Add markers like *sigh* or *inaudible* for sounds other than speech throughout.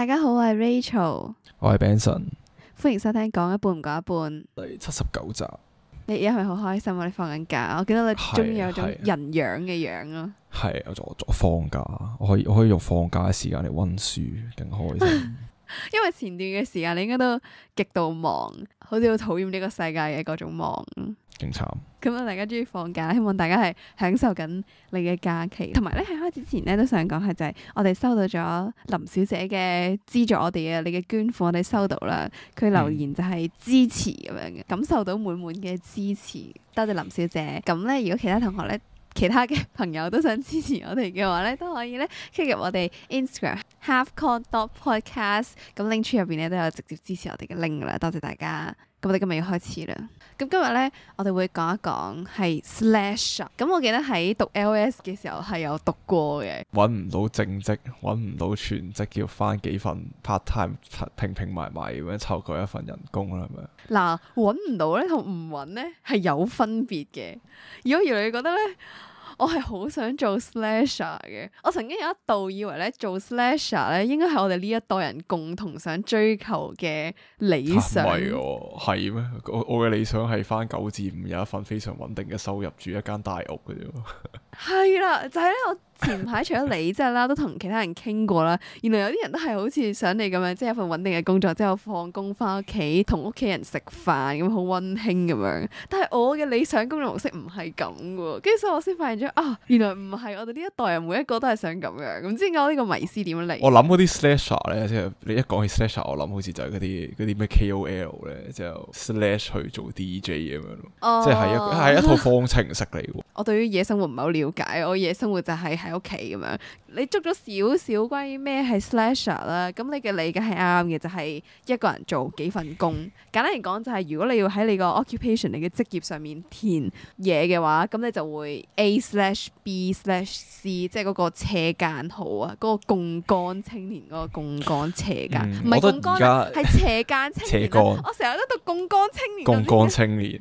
大家好，我係 Rachel，我係 Benson，歡迎收聽講一半唔講一半，第七十九集。你而家係咪好開心啊？我你放緊假，我見到你終於有種人樣嘅樣咯。係我放假，我可以我可以用放假嘅時間嚟溫書，勁開心。 *laughs* 因為前段嘅時間你應該都極度忙，好似好討厭呢個世界嘅各種忙。咁啊，大家終於放假，希望大家係享受緊你嘅假期，同埋咧，喺開始前咧都想講下就係我哋收到咗林小姐嘅資助我，我哋嘅你嘅捐款我哋收到啦。佢留言就係支持咁樣嘅，感受到滿滿嘅支持，多謝林小姐。咁咧，如果其他同學咧，其他嘅朋友都想支持我哋嘅話咧，都可以咧， *laughs* 加入我哋 Instagram halfkong.podcast，咁 link 出入邊咧都有直接支持我哋嘅 link 噶啦，多謝大家。咁我哋今日要開始啦。咁今日咧，我哋會講一講係 slash。咁我記得喺讀 LS 嘅時候係有讀過嘅。揾唔到正職，揾唔到全職，要返幾份 part time，拼拼埋埋咁樣湊夠一份人工啦，係咪？嗱，揾唔到咧同唔揾呢係有分別嘅。如果而你覺得呢？我係好想做 Slasher 嘅，我曾經有一度以為咧做 Slasher 咧應該係我哋呢一代人共同想追求嘅理想。唔係喎，係咩、哦？我我嘅理想係返九至五有一份非常穩定嘅收入，住一間大屋嘅啫。 *laughs* 係啦，就係咧，我前排除咗你即係啦， *laughs* 都同其他人傾過啦。原來有啲人都係好似想你咁樣，即係一份穩定嘅工作，之後放工翻屋企，同屋企人食飯咁，好溫馨咁樣。但係我嘅理想工作模式唔係咁嘅，跟住所以我先發現咗啊，原來唔係我哋呢一代人每一個都係想咁樣。唔知點解呢個迷思點樣嚟？我諗嗰啲 slasher 咧，即係你一講起 slasher，我諗好似就係嗰啲啲咩 KOL 咧，就係 slash 去做 DJ 咁樣，即係係一套方程式嚟嘅。 *laughs* 我對於野生活唔係好了解。解我夜生活就係喺屋企咁樣。你捉咗少少關於咩係 slasher 啦，咁你嘅理解係啱嘅，就係一個人做幾份工。簡單嚟講，就係如果你要喺你個 occupation 你嘅職業上面填嘢嘅話，咁你就會 A slash B slash C，即係嗰個斜間號啊，嗰個槓桿青年嗰個槓桿斜間，唔係槓桿啦，係斜間青年。我成日都讀槓桿青年。槓桿青年，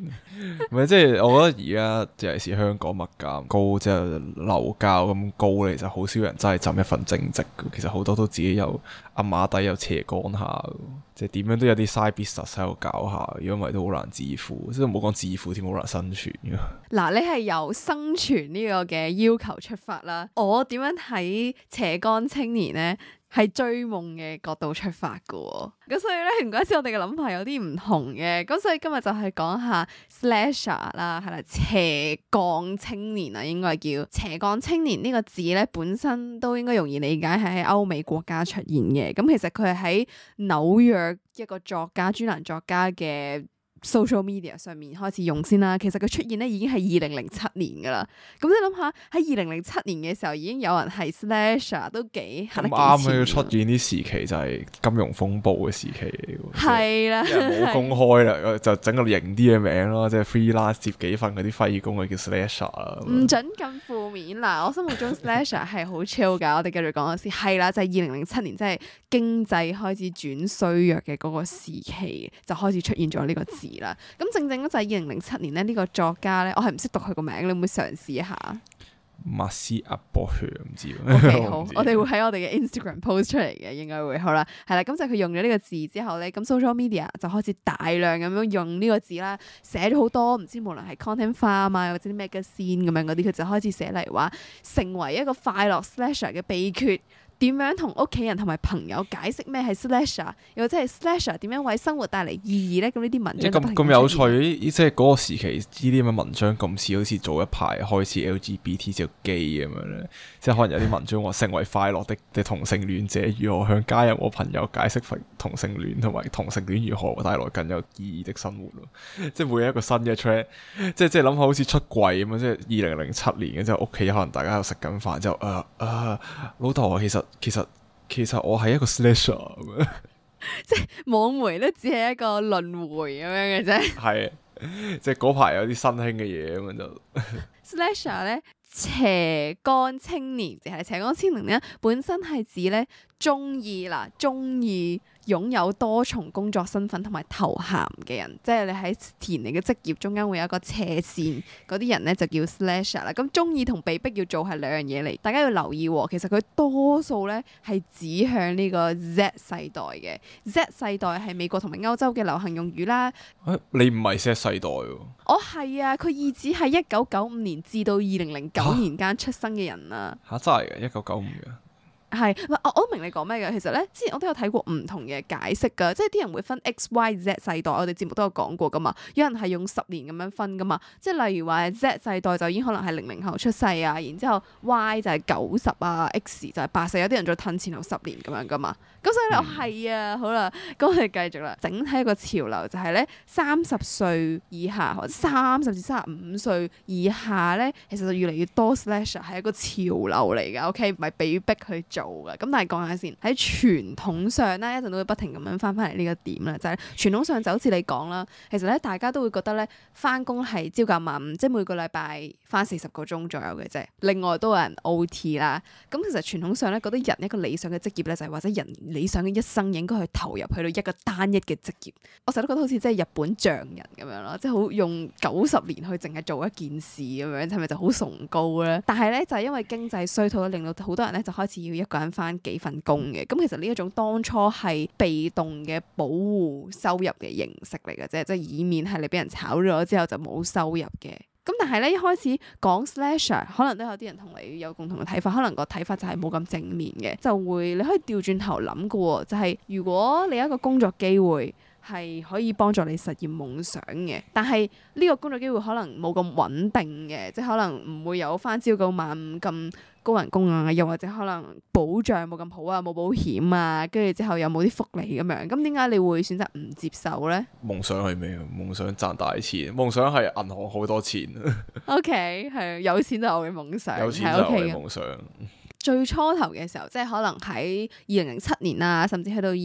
唔係即係我覺得而家尤其是香港物價咁高，即係樓價咁高，其實好少人。真係浸一份正職，其實好多都自己有阿、啊、馬底有斜槓下，即係點樣都有啲 side business 喺度搞下，如果唔係都好難自負，即係唔好講自負添，好難生存噶。嗱，你係由生存呢個嘅要求出發啦，我點樣睇斜槓青年呢？係追夢嘅角度出發㗎喎，咁所以咧，唔怪之我哋嘅諗法有啲唔同嘅，咁所以今日就係講下 Slasher 啦，係啦，斜槓青年啊，應該係叫斜槓青年呢個字咧，本身都應該容易理解，係喺歐美國家出現嘅，咁其實佢係喺紐約一個作家專欄作家嘅。social media 上面開始用先啦，其實佢出現咧已經係二零零七年噶啦。咁你諗下喺二零零七年嘅時候已經有人係 slasher 都幾肯啱要出現啲時期就係金融風暴嘅時期，係啦，冇公以 *laughs* 開啦，是就整個型啲嘅名咯，即係 free 啦接幾份嗰啲廢工嘅叫 slasher 啊，唔準咁負面 *laughs* 啦。我心目中 slasher *laughs* 係好 chill 噶，我哋繼續講先。係啦，就係二零零七年即係、就是、經濟開始轉衰弱嘅嗰個時期，就開始出現咗呢個字。 *laughs* 啦，咁正正嗰就係二零零七年咧，呢、這個作家咧，我係唔識讀佢個名，你會唔會嘗試一下？馬斯阿博唔知，好，我哋會喺我哋嘅 Instagram post 出嚟嘅，應該會好啦，係啦，咁就佢用咗呢個字之後咧，咁 social media 就開始大量咁樣用呢個字啦，寫咗好多唔知，無論係 content farm 啊，form, 或者啲咩嘅線咁樣嗰啲，佢就開始寫，例如話成為一個快樂 slasher 嘅秘訣。點樣同屋企人同埋朋友解釋咩係 slasher，又、啊、或者係 slasher，點、啊、樣為生活帶嚟意義咧？咁呢啲文章咁咁有趣，即係嗰個時期呢啲咁嘅文章咁似，好似早一排開始 LGBT 叫 gay 咁樣咧。即係可能有啲文章話 *laughs* 成為快樂的同性戀者，如何向家人和朋友解釋同性戀，同埋同性戀如何帶來更有意義的生活咯。即係每一個新嘅 track，即係即係諗下好似出櫃咁啊！即係二零零七年嘅時候，屋企可能大家又食緊飯之後，啊，誒，老豆其實。其實其實我係一個 slasher， *laughs* 即係網媒都只係一個輪迴咁樣嘅啫。係，即係嗰排有啲新興嘅嘢咁樣就 *laughs* sl 呢。slasher 咧，斜槓青年，係斜槓青年咧，本身係指咧中意啦，中意。擁有多重工作身份同埋頭銜嘅人，即係你喺填你嘅職業中間會有一個斜線嗰啲人呢，就叫 slasher 啦。咁中意同被逼要做係兩樣嘢嚟，大家要留意。其實佢多數呢係指向呢個 Z 世代嘅。Z 世代係美國同埋歐洲嘅流行用語啦、啊。你唔係 Z 世代喎？我係、哦、啊，佢意指係一九九五年至到二零零九年間出生嘅人啊。吓、啊，真係嘅，一九九五年係、啊，我我明你講咩嘅。其實咧，之前我都有睇過唔同嘅解釋㗎，即係啲人會分 X、Y、Z 世代。我哋節目都有講過㗎嘛，有人係用十年咁樣分㗎嘛。即係例如話 Z 世代就已經可能係零零後出世啊，然之後 Y 就係九十啊，X 就係八十，有啲人再褪前後十年咁樣㗎嘛。咁所以咧，嗯、我係啊，好啦，咁我哋繼續啦。整體一個潮流就係咧，三十歲以下三十至三十五歲以下咧，其實就越嚟越多 slash 係一個潮流嚟㗎。OK，唔係被逼去做。做嘅，咁但係講下先，喺傳統上咧，一定都會不停咁樣返返嚟呢個點啦，就係傳統上就好似你講啦，其實咧，大家都會覺得咧，返工係朝九晚五，即係每個禮拜返四十個鐘左右嘅啫。另外都有人 O.T. 啦，咁其實傳統上咧，覺得人一個理想嘅職業咧，就係或者人理想嘅一生應該去投入去到一個單一嘅職業。我成日都覺得好似即係日本匠人咁樣咯，即係好用九十年去淨係做一件事咁樣，係咪就好崇高咧？但係咧就係因為經濟衰退令到好多人咧就開始要一揀翻幾份工嘅，咁其實呢一種當初係被動嘅保護收入嘅形式嚟嘅啫，即係以免係你俾人炒咗之後就冇收入嘅。咁但係咧，一開始講 Slasher，可能都有啲人同你有共同嘅睇法，可能個睇法就係冇咁正面嘅，就會你可以調轉頭諗㗎喎，就係如果你有一個工作機會係可以幫助你實現夢想嘅，但係呢個工作機會可能冇咁穩定嘅，即係可能唔會有翻朝九晚五咁。高人工啊，又或者可能保障冇咁好啊，冇保險啊，跟住之後又冇啲福利咁、啊、樣，咁點解你會選擇唔接受咧？夢想係咩啊？夢想賺大錢，夢想係銀行好多錢。O K，係有錢就係我嘅夢想，有錢，係 O K。 *laughs* 最初頭嘅時候，即係可能喺二零零七年啊，甚至去到二零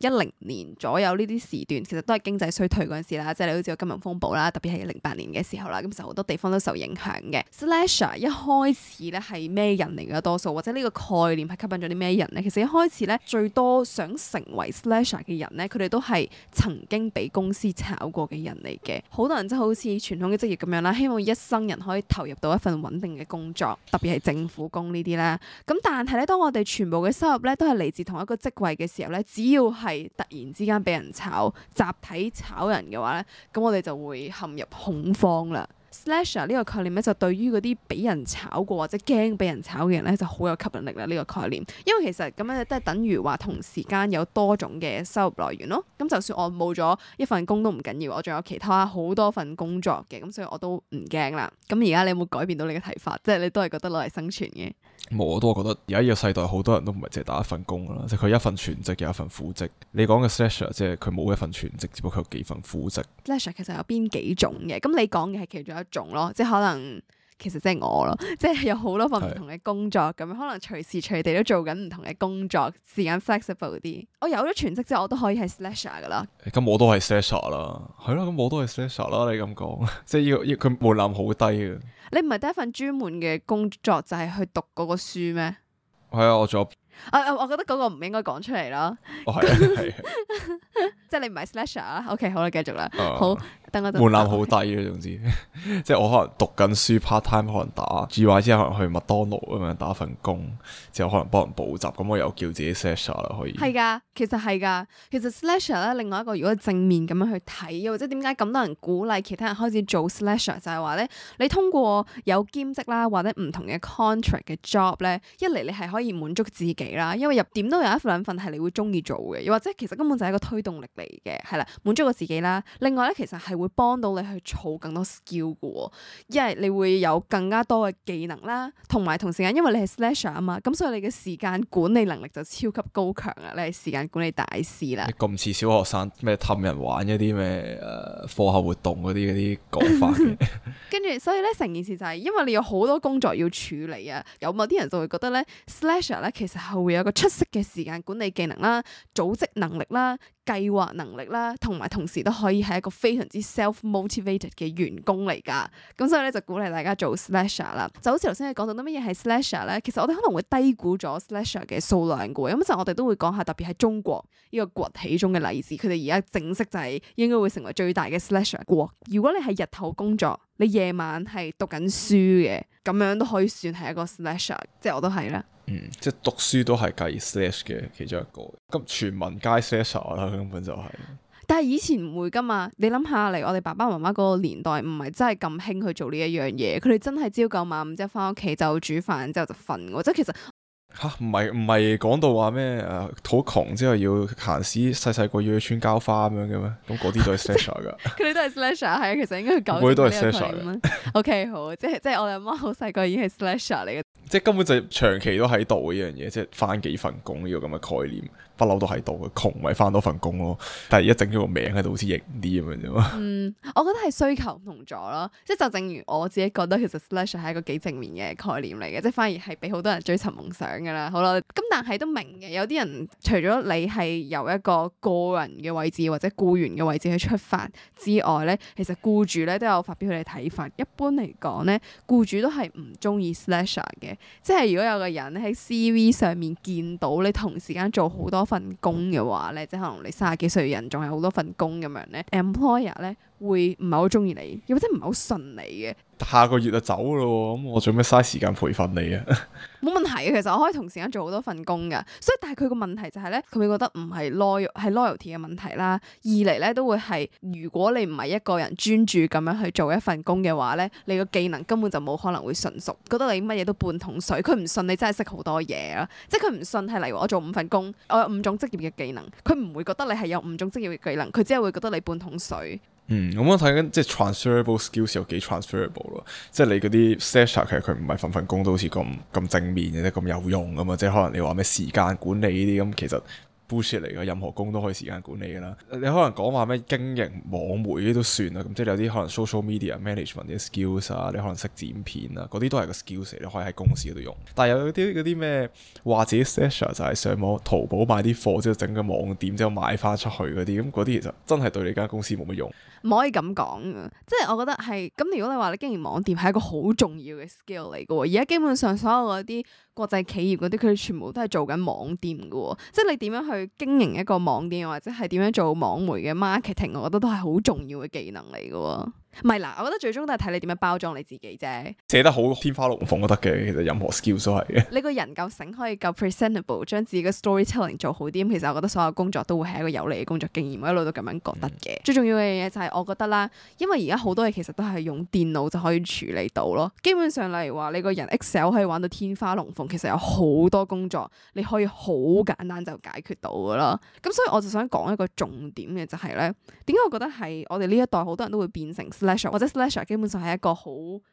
一零年左右呢啲時段，其實都係經濟衰退嗰陣時啦，即係你好似有金融風暴啦，特別係零八年嘅時候啦，咁其實好多地方都受影響嘅。Slasher 一開始咧係咩人嚟嘅多數，或者呢個概念係吸引咗啲咩人呢？其實一開始咧最多想成為 Slasher 嘅人咧，佢哋都係曾經俾公司炒過嘅人嚟嘅。好多人即係好似傳統嘅職業咁樣啦，希望一生人可以投入到一份穩定嘅工作，特別係政府工呢啲咧。咁但係咧，當我哋全部嘅收入咧都係嚟自同一個職位嘅時候咧，只要係突然之間俾人炒，集體炒人嘅話咧，咁我哋就會陷入恐慌啦。Slasher 呢個概念咧，就對於嗰啲俾人炒過或者驚俾人炒嘅人咧，就好有吸引力啦。呢個概念，因為其實咁樣都係等於話同時間有多種嘅收入來源咯。咁就算我冇咗一份工都唔緊要，我仲有其他好多份工作嘅，咁所以我都唔驚啦。咁而家你有冇改變到你嘅睇法？即係你都係覺得攞嚟生存嘅？冇，我都覺得而家呢個世代好多人都唔係淨係打一份工啦。即係佢一份全職嘅，一份副職。你講嘅 Slasher 即係佢冇一份全職，只不過佢有幾份副職。Slasher 其實有邊幾種嘅？咁你講嘅係其中一，一種咯，即係可能其實即係我咯，即係有好多份唔同嘅工作，咁是可能隨時隨地都做緊唔同嘅工作，時間 flexible 啲。我有咗全職之後，我都可以係 slasher 噶啦。咁、欸、我都係 slasher 啦，係咯、啊，咁我都係 slasher 啦。你咁講，即係要要佢門檻好低嘅。你唔係第一份專門嘅工作就係去讀嗰個書咩？係、欸、啊，啊，我做。我我覺得嗰個唔應該講出嚟咯。哦，係、啊，係、 *laughs* 啊，啊、 *laughs* *laughs* 即係你唔係 slasher 啊？OK，好啦，繼續啦，uh. 好。門檻好低啦、啊，總之，即係我可能讀緊書 *laughs* part time 可能打，之外之後可能去麥當勞咁樣打份工，之後可能幫人補習，咁我又叫自己 slasher 啦，可以。係噶，其實係噶，其實 slasher 咧，另外一個如果正面咁樣去睇，或者點解咁多人鼓勵其他人開始做 slasher，就係話咧，你通過有兼職啦，或者唔同嘅 contract 嘅 job 咧，一嚟你係可以滿足自己啦，因為入點都有一兩份係你會中意做嘅，又或者其實根本就係一個推動力嚟嘅，係啦，滿足個自己啦。另外咧，其實係。會幫到你去儲更多 skill 嘅，因為你會有更加多嘅技能啦，同埋同時間，因為你係 slasher 啊嘛，咁所以你嘅時間管理能力就超級高強啦，你係時間管理大師啦。你咁似小學生咩氹人玩一啲咩誒課後活動嗰啲嗰啲講法。跟住 *laughs* *laughs* 所以咧，成件事就係因為你有好多工作要處理啊，有某啲人就會覺得咧，slasher 咧其實係會有個出色嘅時間管理技能啦、組織能力啦。計劃能力啦，同埋同時都可以係一個非常之 self motivated 嘅員工嚟噶，咁、嗯、所以咧就鼓勵大家做 slasher 啦。就好似頭先你講到啲乜嘢係 slasher 咧，其實我哋可能會低估咗 slasher 嘅數量嘅，咁就我哋都會講下特別喺中國呢、這個崛起中嘅例子，佢哋而家正式就係應該會成為最大嘅 slasher 國。如果你係日頭工作，你夜晚係讀緊書嘅，咁樣都可以算係一個 slasher，即係我都係啦。嗯、即係讀書都係計 slash 嘅其中一個，咁全民皆 slash 啦，根本就係、是。但係以前唔會噶嘛，你諗下嚟我哋爸爸媽媽嗰個年代，唔係真係咁興去做呢一樣嘢。佢哋真係朝九晚五，之後翻屋企就煮飯，之後就瞓。即係其實吓，唔係唔係講到話咩？誒、啊，好窮之後要行屍，細細個要去穿膠花咁樣嘅咩？咁嗰啲都係 slash 噶，佢哋 *laughs* 都係 slash 係啊。其實應該係講佢都係 slash 嘅。 *laughs* O、okay, K，好，即係即係我哋阿媽好細個已經係 slash 嚟嘅。即係根本就長期都喺度呢樣嘢，即係返幾份工呢個咁嘅概念。不嬲都喺度嘅，窮咪翻多份工咯。但係一整咗個名喺度，好似型啲咁樣啫嘛。嗯，我覺得係需求唔同咗咯，即係就正如我自己覺得其實 Slasher 係一個幾正面嘅概念嚟嘅，即係反而係俾好多人追尋夢想㗎啦。好啦，咁但係都明嘅，有啲人除咗你係由一個個人嘅位置或者僱員嘅位置去出發之外咧，其實僱主咧都有發表佢哋睇法。一般嚟講咧，僱主都係唔中意 Slasher 嘅，即係如果有個人喺 CV 上面見到你同時間做好多份工嘅話，咧，即可能你卅幾歲人仲係好多份工咁樣咧，employer 咧。Employer 會唔係好中意你，又或者唔係好信你嘅。下個月就走咯，咁我做咩嘥時間培訓你啊？冇 *laughs* 問題嘅，其實我可以同時間做好多份工噶。所以，但係佢個問題就係、是、咧，佢會覺得唔係 loyalty 嘅問題啦。二嚟咧都會係，如果你唔係一個人專注咁樣去做一份工嘅話咧，你個技能根本就冇可能會純熟，覺得你乜嘢都半桶水。佢唔信你真係識好多嘢咯，即係佢唔信係例如我做五份工，我有五種職業嘅技能，佢唔會覺得你係有五種職業嘅技能，佢只係會覺得你半桶水。嗯，咁我睇緊即係 transferable skills 有幾 transferable 咯，即係你嗰啲 session 其實佢唔係份份工都好似咁咁正面嘅啫，咁有用㗎嘛，即係可能你話咩時間管理呢啲咁其實。bullshit 嚟噶，任何工都可以時間管理噶啦。你可能講話咩經營網媒都算啦，咁即係有啲可能 social media management 啲 skills 啊，你可能識剪片啊嗰啲都係個 skills 你可以喺公司嗰度用。但係有啲嗰啲咩話自己 slasher 就係上網淘寶買啲貨之後整個網店之後賣翻出去嗰啲，咁嗰啲其實真係對你間公司冇乜用。唔可以咁講啊，即係我覺得係咁。如果你話你經營網店係一個好重要嘅 skill 嚟嘅，而家基本上所有嗰啲。國際企業嗰啲，佢全部都係做緊網店噶喎，即係你點樣去經營一個網店，或者係點樣做網媒嘅 marketing，我覺得都係好重要嘅技能嚟噶喎。唔係啦，我覺得最終都係睇你點樣包裝你自己啫，寫得好天花龍鳳都得嘅，其實任何 skills 都係嘅。你個人夠醒，可以夠 presentable，將自己嘅 storytelling 做好啲，咁其實我覺得所有工作都會係一個有利嘅工作經驗，我一路都咁樣覺得嘅。嗯、最重要嘅嘢就係，我覺得啦，因為而家好多嘢其實都係用電腦就可以處理到咯。基本上例如話你個人 Excel 可以玩到天花龍鳳，其實有好多工作你可以好簡單就解決到噶咯。咁所以我就想講一個重點嘅就係、是、咧，點解我覺得係我哋呢一代好多人都會變成。或者 slasher 基本上係一個好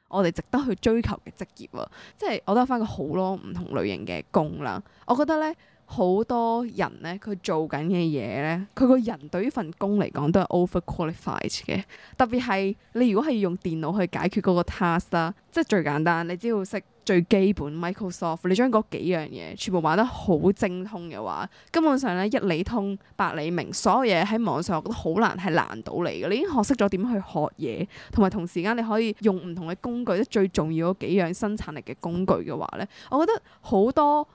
我哋值得去追求嘅職業啊，即係我都有返過好多唔同類型嘅工啦。我覺得咧，好多人咧佢做緊嘅嘢咧，佢個人對於份工嚟講都係 overqualified 嘅。特別係你如果係要用電腦去解決嗰個 task 啦，即係最簡單，你只要識。最基本 Microsoft，你將嗰幾樣嘢全部玩得好精通嘅話，根本上咧一理通百理明，所有嘢喺網上，我覺得好難係難倒你嘅。你已經學識咗點去學嘢，同埋同時間你可以用唔同嘅工具，即最重要嗰幾樣生產力嘅工具嘅話咧，我覺得好多。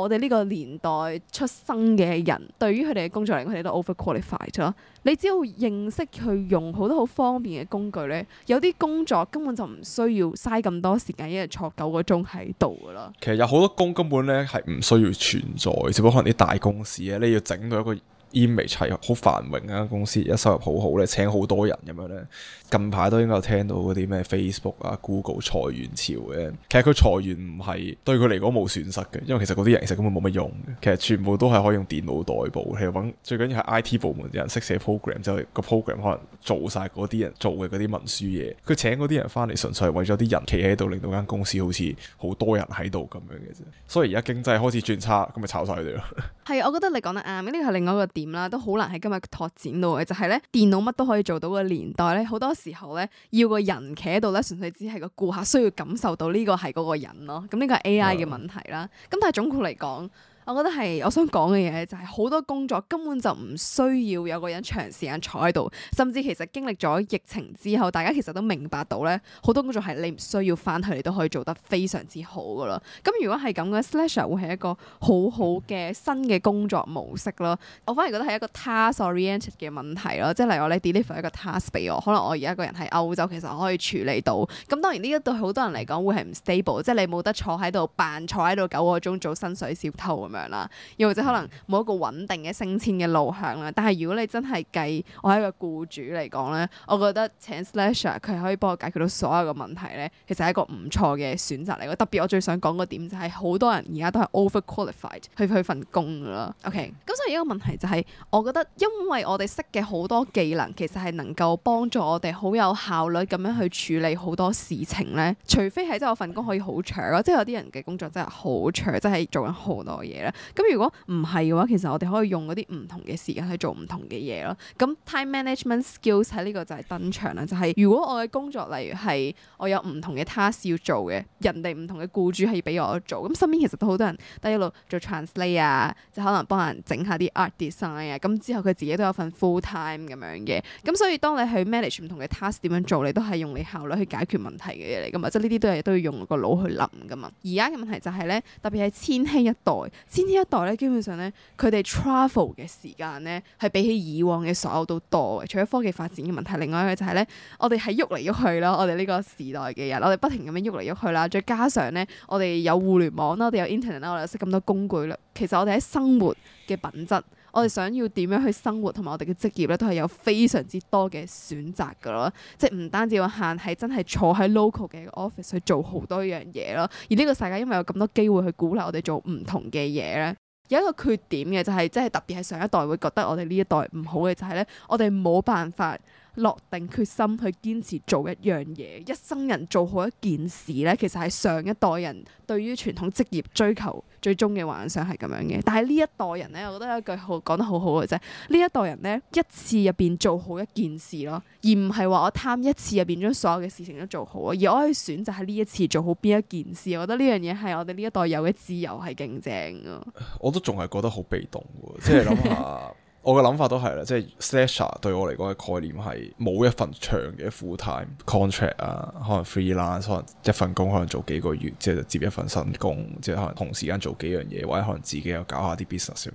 我哋呢個年代出生嘅人，對於佢哋嘅工作嚟講，佢哋都 overqualified 咗。你只要認識去用好多好方便嘅工具咧，有啲工作根本就唔需要嘥咁多時間一日坐九個鐘喺度噶啦。其實有好多工根本咧係唔需要存在，只不過可能啲大公司咧，你要整到一個 image 係好繁榮啊！公司而家收入好好咧，請好多人咁樣咧。近排都應該有聽到嗰啲咩 Facebook 啊、Google 裁員潮嘅。其實佢裁員唔係對佢嚟講冇損失嘅，因為其實嗰啲人其實根本冇乜用嘅。其實全部都係可以用電腦代步。其實揾最緊要係 IT 部門啲人識寫 program，就係個 program 可能做晒嗰啲人做嘅嗰啲文書嘢。佢請嗰啲人翻嚟，純粹係為咗啲人企喺度，令到間公司好似好多人喺度咁樣嘅啫。所以而家經濟開始轉差，咁咪炒晒佢哋咯。係，我覺得你講得啱。呢個係另外一個。點啦，都好難喺今日拓展到嘅，就係咧電腦乜都可以做到嘅年代咧，好多時候咧要個人企喺度咧，純粹只係個顧客需要感受到呢個係嗰個人咯，咁呢個係 AI 嘅問題啦。咁 Yeah. 但係總括嚟講。我覺得係我想講嘅嘢就係好多工作根本就唔需要有個人長時間坐喺度，甚至其實經歷咗疫情之後，大家其實都明白到咧，好多工作係你唔需要翻去，你都可以做得非常之好噶啦。咁如果係咁嘅，Slasher 會係一個好好嘅新嘅工作模式咯。我反而覺得係一個 task-oriented 嘅問題咯，即係例如我咧 deliver 一個 task 俾我，可能我而家一個人喺歐洲，其實我可以處理到。咁當然呢一對好多人嚟講會係唔 stable，即係你冇得坐喺度扮坐喺度九個鐘做薪水小偷咁樣。啦，又或者可能冇一個穩定嘅升遷嘅路向啦。但係如果你真係計我係一個僱主嚟講咧，我覺得請 slasher 佢可以幫我解決到所有嘅問題咧，其實係一個唔錯嘅選擇嚟嘅。特別我最想講個點就係好多人而家都係 overqualified 去去份工啦。OK，咁所以一個問題就係、是、我覺得因為我哋識嘅好多技能其實係能夠幫助我哋好有效率咁樣去處理好多事情咧。除非係真係我份工可以好長咯，即、就、係、是、有啲人嘅工作真係好長，即、就、係、是、做緊好多嘢咁如果唔係嘅話，其實我哋可以用嗰啲唔同嘅時間去做唔同嘅嘢咯。咁 time management skills 喺呢個就係登場啦。就係、是、如果我嘅工作例如係我有唔同嘅 task 要做嘅，人哋唔同嘅僱主係要俾我做。咁身邊其實都好多人，都一路做 translate 啊，就可能幫人整下啲 art design 啊。咁之後佢自己都有份 full time 咁樣嘅。咁所以當你去 manage 唔同嘅 task 點樣做，你都係用你效率去解決問題嘅嘢嚟噶嘛。即係呢啲都係都要用個腦去諗噶嘛。而家嘅問題就係、是、咧，特別係千禧一代。先呢一代咧，基本上咧，佢哋 travel 嘅時間咧，係比起以往嘅所有都多嘅。除咗科技發展嘅問題，另外一個就係咧，我哋係喐嚟喐去咯。我哋呢個時代嘅人，我哋不停咁樣喐嚟喐去啦。再加上咧，我哋有互聯網啦，我哋有 internet 啦，我哋識咁多工具啦。其實我哋喺生活嘅品質。我哋想要點樣去生活，同埋我哋嘅職業咧，都係有非常之多嘅選擇噶咯。即係唔單止話限係真係坐喺 local 嘅 office 去做好多樣嘢咯。而呢個世界因為有咁多機會去鼓勵我哋做唔同嘅嘢咧，有一個缺點嘅就係，即係特別係上一代會覺得我哋呢一代唔好嘅就係咧，我哋冇辦法，落定決心去堅持做一樣嘢，一生人做好一件事咧，其實係上一代人對於傳統職業追求最終嘅幻想係咁樣嘅。但係呢一代人咧，我覺得有一句好講得好好嘅啫。呢一代人咧，一次入面做好一件事咯，而唔係話我貪一次入面將所有嘅事情都做好。而我可以選擇喺呢一次做好邊一件事，我覺得呢樣嘢係我哋呢一代有嘅自由係勁正嘅。我都仲係覺得好被動喎，即係諗下。我嘅諗法都係啦，即係 Slasher 對我嚟講嘅概念係冇一份長嘅 full time contract 啊，可能 freelance，可能一份工可能做幾個月，即係接一份新工，即係可能同時間做幾樣嘢，或者可能自己又搞下啲 business 咁樣，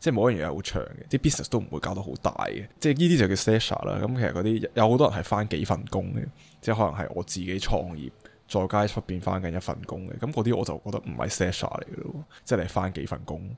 即係冇一樣嘢係好長嘅，啲 business 都唔會搞得好大嘅，即係呢啲就叫 Slasher 啦。咁其實嗰啲有好多人係翻幾份工嘅，即係可能係我自己創業，再加出邊翻緊一份工嘅，咁嗰啲我就覺得唔係 Slasher 嚟嘅咯，即係你翻幾份工。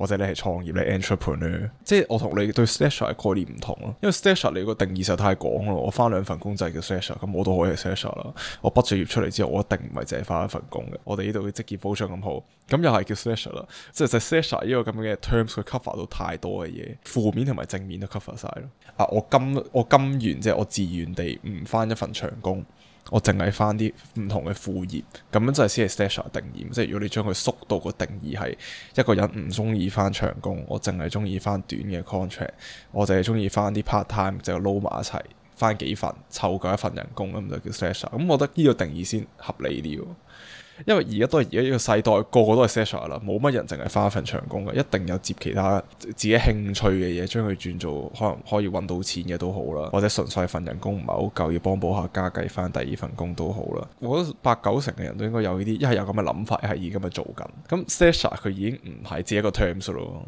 或者你係創業咧，entrepreneur 即係我同你對 slasher 嘅概念唔同咯。因為 slasher 你個定義實在太廣咯。我翻兩份工就係叫 slasher，咁我都可以 slasher 啦。我畢咗業出嚟之後，我一定唔係淨係翻一份工嘅。我哋呢度嘅職業保障咁好，咁又係叫 slasher 啦。即係就 slasher 呢個咁嘅 terms，佢 cover 到太多嘅嘢，負面同埋正面都 cover 晒咯。啊，我甘我甘願，即係我自願地唔翻一份長工。我淨係翻啲唔同嘅副業，咁樣就係先係 slasher 定義。即係如果你將佢縮到個定義係一個人唔中意翻長工，我淨係中意翻短嘅 contract，我淨係中意翻啲 part time，就撈埋一齊翻幾份，湊夠一份人工咁就叫 slasher，嗯、咁我覺得呢個定義先合理啲喎。因為而家都係而家呢個世代個個都係 Slasher 啦，冇乜人淨係花一份長工嘅，一定有接其他自己興趣嘅嘢，將佢轉做可能可以搵到錢嘅都好啦，或者純粹份人工唔係好夠，要幫補下家計翻第二份工都好啦。我覺得八九成嘅人都應該有呢啲，一係有咁嘅諗法在在，一係而家咪做緊。咁 Slasher 佢已經唔係只一個 terms 咯，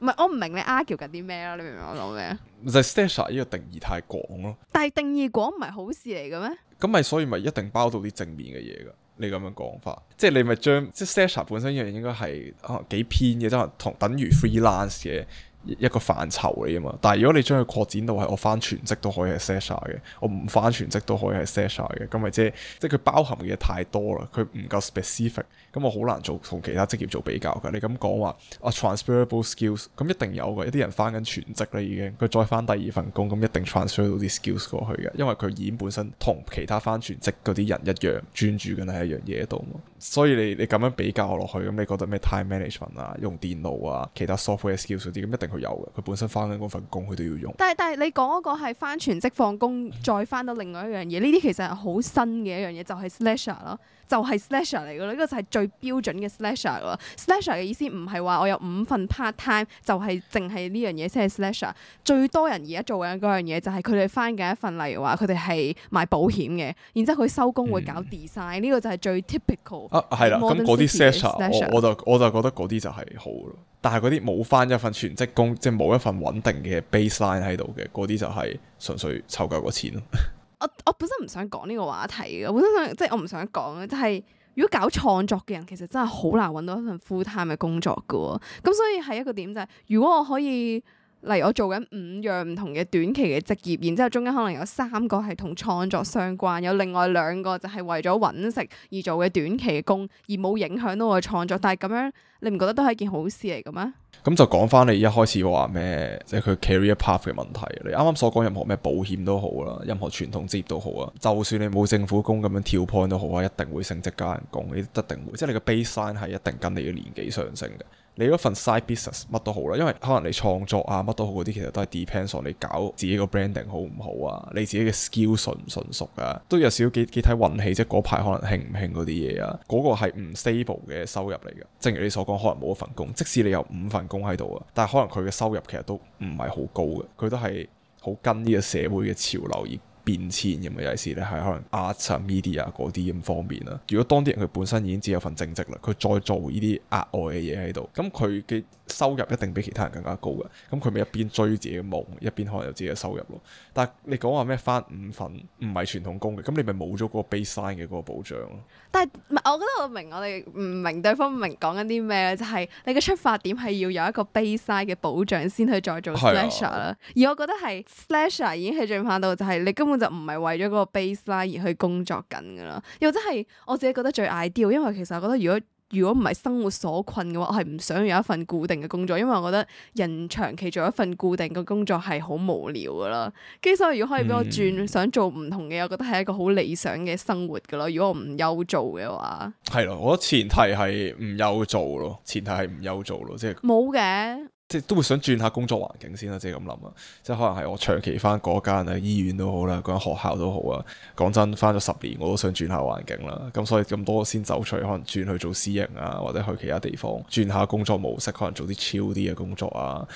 唔係我唔明你 argue 緊啲咩啦？你明唔明我講咩？就係 Slasher 呢個定義太廣咯。但係定義廣唔係好事嚟嘅咩？咁咪所以咪一定包到啲正面嘅嘢噶。你咁樣講法，即係你咪將即係 Slasher 本身一樣應該係可能幾偏嘅，即係同等於 freelance 嘅一個範疇嚟嘅嘛。但係如果你將佢擴展到係我翻全職都可以係 Slasher 嘅，我唔翻全職都可以係 Slasher 嘅，咁咪、即係、即係即係佢包含嘅嘢太多啦，佢唔夠 specific。咁我好難做同其他職業做比較㗎。你咁講話啊 transferable skills，咁一定有㗎。一啲人翻緊全職咧已經，佢再翻第二份工，咁一定 transfer 到啲 skills 過去嘅。因為佢已經本身同其他翻全職嗰啲人一樣，專注緊喺一樣嘢度嘛。所以你你咁樣比較落去，咁你覺得咩 time management 啊、用電腦啊、其他 software skills 嗰啲，咁一定佢有嘅。佢本身翻緊嗰份工，佢都要用。但係但係你講嗰個係翻全職放工，再翻到另外一樣嘢。呢啲、嗯、其實係好新嘅一樣嘢，就係、是、slasher 咯，就係、是、slasher 嚟㗎。呢個就係最最標準嘅 slasher 咯，slasher 嘅意思唔係話我有五份 part time 就係淨係呢樣嘢先係 slasher。最多人而家做緊嗰樣嘢就係佢哋返嘅一份，例如話佢哋係賣保險嘅，然之後佢收工會搞 design，呢、嗯、個就係最 typical。啊，係啦，咁嗰啲 slasher，我就我就覺得嗰啲就係好咯。但係嗰啲冇返一份全職工，即係冇一份穩定嘅 baseline 喺度嘅，嗰啲就係純粹湊夠個錢咯。 *laughs* 我我本身唔想講呢個話題嘅，本身即我想即係我唔想講嘅，就係、是。如果搞創作嘅人其實真係好難揾到一份 full time 嘅工作嘅喎，咁所以係一個點就係、是，如果我可以。例如我做緊五樣唔同嘅短期嘅職業，然之後中間可能有三個係同創作相關，有另外兩個就係為咗揾食而做嘅短期嘅工，而冇影響到我嘅創作。但係咁樣你唔覺得都係一件好事嚟嘅咩？咁就講翻你一開始話咩，即係佢 career path 嘅問題。你啱啱所講任何咩保險都好啦，任何傳統職業都好啊，就算你冇政府工咁樣跳 point 都好啊，一定會升職加人工，你一定會。即係你嘅 base line 係一定跟你嘅年紀上升嘅。你嗰份 side business 乜都好啦，因為可能你創作啊乜都好嗰啲，其實都係 depends on 你搞自己個 branding 好唔好啊，你自己嘅 skill 順唔順熟啊，都有少少幾幾睇運氣，即係嗰排可能興唔興嗰啲嘢啊，嗰、嗰個係唔 stable 嘅收入嚟嘅。正如你所講可能冇一份工，即使你有五份工喺度啊，但係可能佢嘅收入其實都唔係好高嘅，佢都係好跟呢個社會嘅潮流而。變遷咁啊，有時咧係可能 arts 呢啲啊 media 嗰啲咁方便啦。如果當啲人佢本身已經只有份正職啦，佢再做呢啲額外嘅嘢喺度，咁佢嘅收入一定比其他人更加高嘅，咁佢咪一邊追自己嘅夢，一邊可能有自己嘅收入咯。但係你講話咩翻五份唔係傳統工嘅，咁你咪冇咗嗰個 base line 嘅嗰個保障咯。但係唔係，我覺得我明，我哋唔明對方唔明講緊啲咩咧，就係、是、你嘅出發點係要有一個 base line 嘅保障先去再做 slasher 啦。是啊、而我覺得係 slasher 已經係進化到就係你根本就唔係為咗嗰個 base line 而去工作緊噶啦。又或者係我自己覺得最 ideal，因為其實我覺得如果。如果唔係生活所困嘅話，我係唔想要有一份固定嘅工作，因為我覺得人長期做一份固定嘅工作係好無聊噶啦。咁所以如果可以俾我轉，嗯、想做唔同嘅，我覺得係一個好理想嘅生活噶咯。如果我唔憂做嘅話，係咯，我覺得前提係唔憂做咯，前提係唔憂做咯，即係冇嘅。即係都會想轉下工作環境先啦、啊，即係咁諗啊！即係可能係我長期翻嗰間啊醫院都好啦，嗰間學校都好啊。講真，翻咗十年，我都想轉下環境啦。咁所以咁多先走出去，可能轉去做私營啊，或者去其他地方，轉下工作模式，可能做啲 chill 啲嘅工作啊。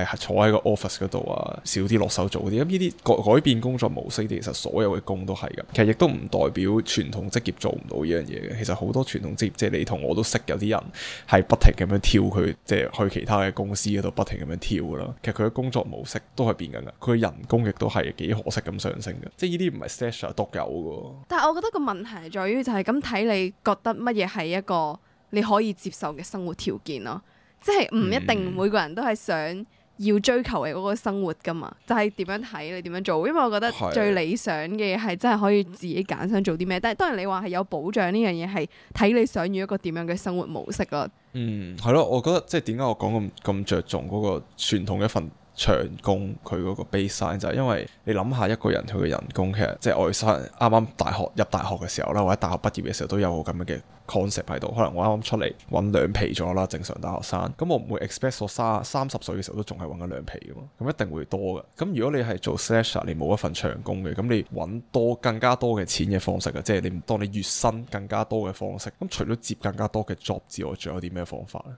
係坐喺個 office 嗰度啊，少啲落手做啲咁，呢啲改改變工作模式，其實所有嘅工都係噶。其實亦都唔代表傳統職業做唔到呢樣嘢嘅。其實好多傳統職業，即係你同我都識有啲人係不停咁樣跳佢，即係去其他嘅公司嗰度不停咁樣跳噶啦。其實佢嘅工作模式都係變緊噶，佢人工亦都係幾可惜咁上升嘅。即係呢啲唔係 Slasher 獨有噶。但係我覺得個問題在於，就係咁睇你覺得乜嘢係一個你可以接受嘅生活條件咯？即係唔一定每個人都係想、嗯。要追求嘅嗰個生活噶嘛，就係點樣睇你點樣做，因為我覺得最理想嘅係真係可以自己揀想做啲咩，但係當然你話係有保障呢樣嘢係睇你想要一個點樣嘅生活模式咯。嗯，係咯，我覺得即係點解我講咁咁着重嗰個傳統嘅一份長工佢嗰個 base line，就係因為你諗下一個人佢嘅人工，其實即係外生啱啱大學入大學嘅時候啦，或者大學畢業嘅時候都有個咁樣嘅 concept 喺度。可能我啱啱出嚟揾兩皮咗啦，正常大學生咁，我唔會 expect 我三三十歲嘅時候都仲係揾緊兩皮噶嘛。咁一定會多嘅。咁如果你係做 slasher，你冇一份長工嘅，咁你揾多更加多嘅錢嘅方式嘅，即係你當你月薪更加多嘅方式。咁除咗接更加多嘅 job 之外，仲有啲咩方法呢？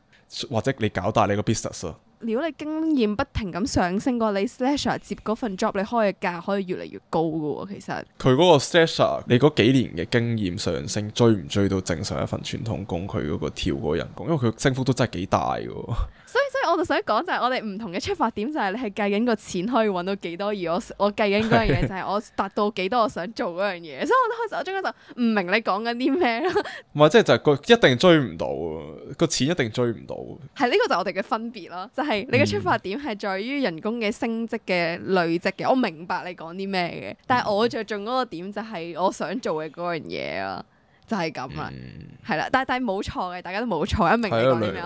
或者你搞大你個 business 啊？如果你經驗不停咁上升，個你 Slash 接嗰份 job，你開嘅價可以越嚟越高噶喎、哦。其實佢嗰個 Slash 你嗰幾年嘅經驗上升，追唔追到正常一份傳統工佢嗰個跳過人工？因為佢升幅都真係幾大噶喎。 *laughs* 我就想講就係我哋唔同嘅出發點，就係你係計緊個錢可以搵到幾多，而我我計緊嗰樣嘢就係我達到幾多我想做嗰樣嘢 *laughs* 所以我一開始我中間就唔明你講緊啲咩咯。唔係即係就係、是、個一定追唔到個錢一定追唔到。係呢、這個就我哋嘅分別咯，就係、是、你嘅出發點係在於人工嘅升職嘅累積嘅、嗯、我明白你講啲咩嘅，但係我着重嗰個點就係我想做嘅嗰樣嘢啊，就係咁啦。係啦，但係但係冇錯嘅，大家都冇錯、嗯、我明你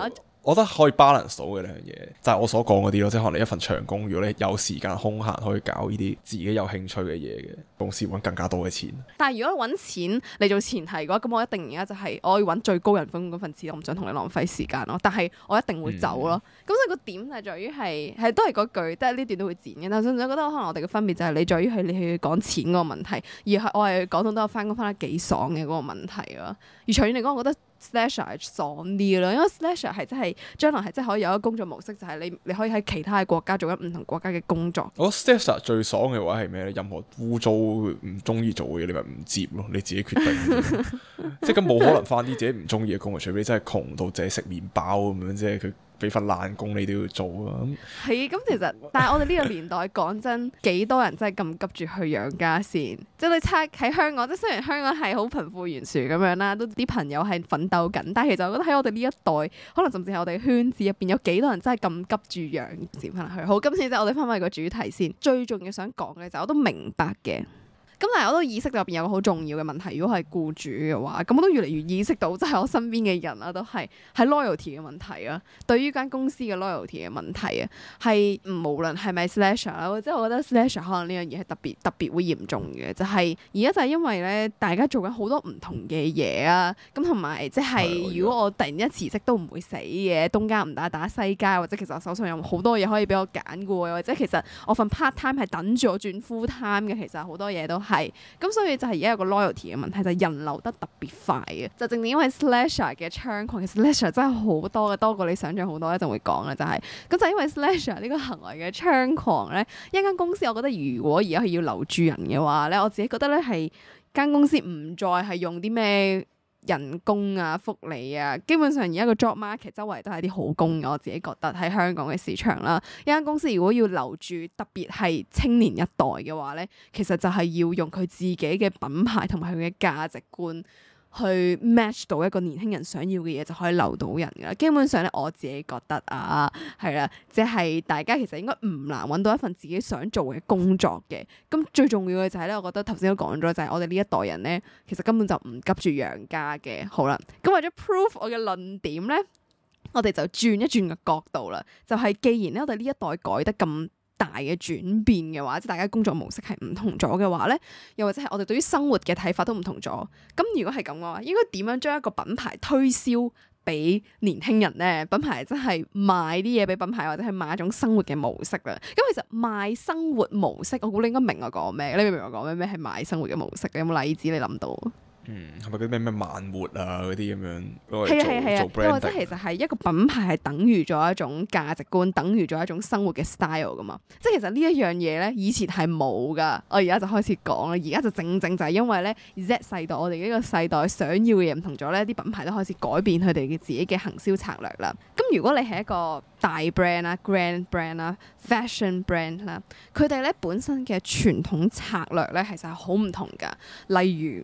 我覺得可以 balance 到嘅呢樣嘢，就係、是、我所講嗰啲咯，即係可能你一份長工，如果你有時間空閒，可以搞呢啲自己有興趣嘅嘢嘅，同時，揾更加多嘅錢。但係如果揾錢嚟做前提嘅話，咁我一定而家就係、是、我要揾最高人工嗰份錢，我唔想同你浪費時間咯。但係我一定會走咯。咁、嗯、所以個點就係在於係係都係嗰句，即係呢段都會剪嘅。但係我覺得可能我哋嘅分別就係你在於係你去講錢嗰個問題，而係我係講到都係返工返得幾爽嘅嗰個問題咯。而長遠嚟講，我覺得。Slasher 係爽啲啦，因為 Slasher 係真係將來係真係可以有一個工作模式，就係、是、你你可以喺其他嘅國家做緊唔同國家嘅工作。我覺得 Slasher 最爽嘅話係咩咧？任何污糟唔中意做嘅嘢，你咪唔接咯，你自己決定。 *laughs* *laughs* 即係咁冇可能返啲自己唔中意嘅工，除非真係窮到自己食麪包咁樣，即係佢。俾份爛工你都要做啊！係，咁其實， *laughs* 但係我哋呢個年代講真，幾多人真係咁急住去養家先？ *laughs* 即係你猜喺香港，即係雖然香港係好貧富懸殊咁樣啦，都啲朋友係奮鬥緊，但係其實我覺得喺我哋呢一代，可能甚至係我哋圈子入邊，有幾多人真係咁急住養接翻嚟去？好，今次就我哋翻返嚟個主題先，最重要想講嘅就係我都明白嘅。咁但係我都意識入邊有個好重要嘅問題，如果係僱主嘅話，咁我都越嚟越意識到，即係我身邊嘅人啦，都係喺 loyalty 嘅問題啊，對於間公司嘅 loyalty 嘅問題啊，係無論係咪 slasher 啦，即係我覺得 slasher 可能呢樣嘢係特別特別會嚴重嘅，就係而家就係因為咧，大家做緊好多唔同嘅嘢啊，咁同埋即係如果我突然間辭職都唔會死嘅，東家唔打打西家，或者其實我手上有好多嘢可以俾我揀過，或者其實我份 part time 係等住我轉 full time 嘅，其實好多嘢都。係，咁所以就係而家有個 loyalty 嘅問題，就係人流得特別快嘅，就正正因為 slasher 嘅猖狂，slasher 真係好多嘅，多過你想像好多，一陣會講嘅就係、是，咁就係因為 slasher 呢個行為嘅猖狂咧，一間公司我覺得如果而家係要留住人嘅話咧，我自己覺得咧係間公司唔再係用啲咩。人工啊，福利啊，基本上而家個 job market 周圍都係啲好工嘅，我自己覺得喺香港嘅市場啦。一間公司如果要留住特別係青年一代嘅話咧，其實就係要用佢自己嘅品牌同埋佢嘅價值觀。去 match 到一個年輕人想要嘅嘢，就可以留到人㗎喇。基本上咧，我自己覺得啊，係啦，即係大家其實應該唔難揾到一份自己想做嘅工作嘅。咁最重要嘅就係咧，我覺得頭先都講咗，就係我哋呢一代人咧，其實根本就唔急住養家嘅。好啦，咁為咗 prove 我嘅論點咧，我哋就轉一轉個角度啦。就係既然咧，我哋呢一代改得咁大嘅轉變嘅話，即大家工作模式係唔同咗嘅話咧，又或者係我哋對於生活嘅睇法都唔同咗。咁如果係咁嘅話，應該點樣將一個品牌推銷俾年輕人咧？品牌真係賣啲嘢俾品牌，或者係賣一種生活嘅模式啦。咁其實賣生活模式，我估你應該明我講咩？你明唔明我講咩咩？係賣生活嘅模式？有冇例子你諗到？嗯，係咪啲咩咩慢活啊？嗰啲咁樣攞嚟，做啊，branding？即係其實係一個品牌係等於咗一種價值觀，等於咗一種生活嘅 style 噶嘛。即係其實呢一樣嘢咧，以前係冇噶。我而家就開始講啦。而家就正正就係因為咧，Z 世代我哋呢個世代想要嘅嘢，唔同咗，呢啲品牌都開始改變佢哋嘅自己嘅行銷策略啦。咁如果你係一個大 brand 啦、grand brand 啦、fashion brand 啦，佢哋咧本身嘅傳統策略咧，其實係好唔同噶，例如。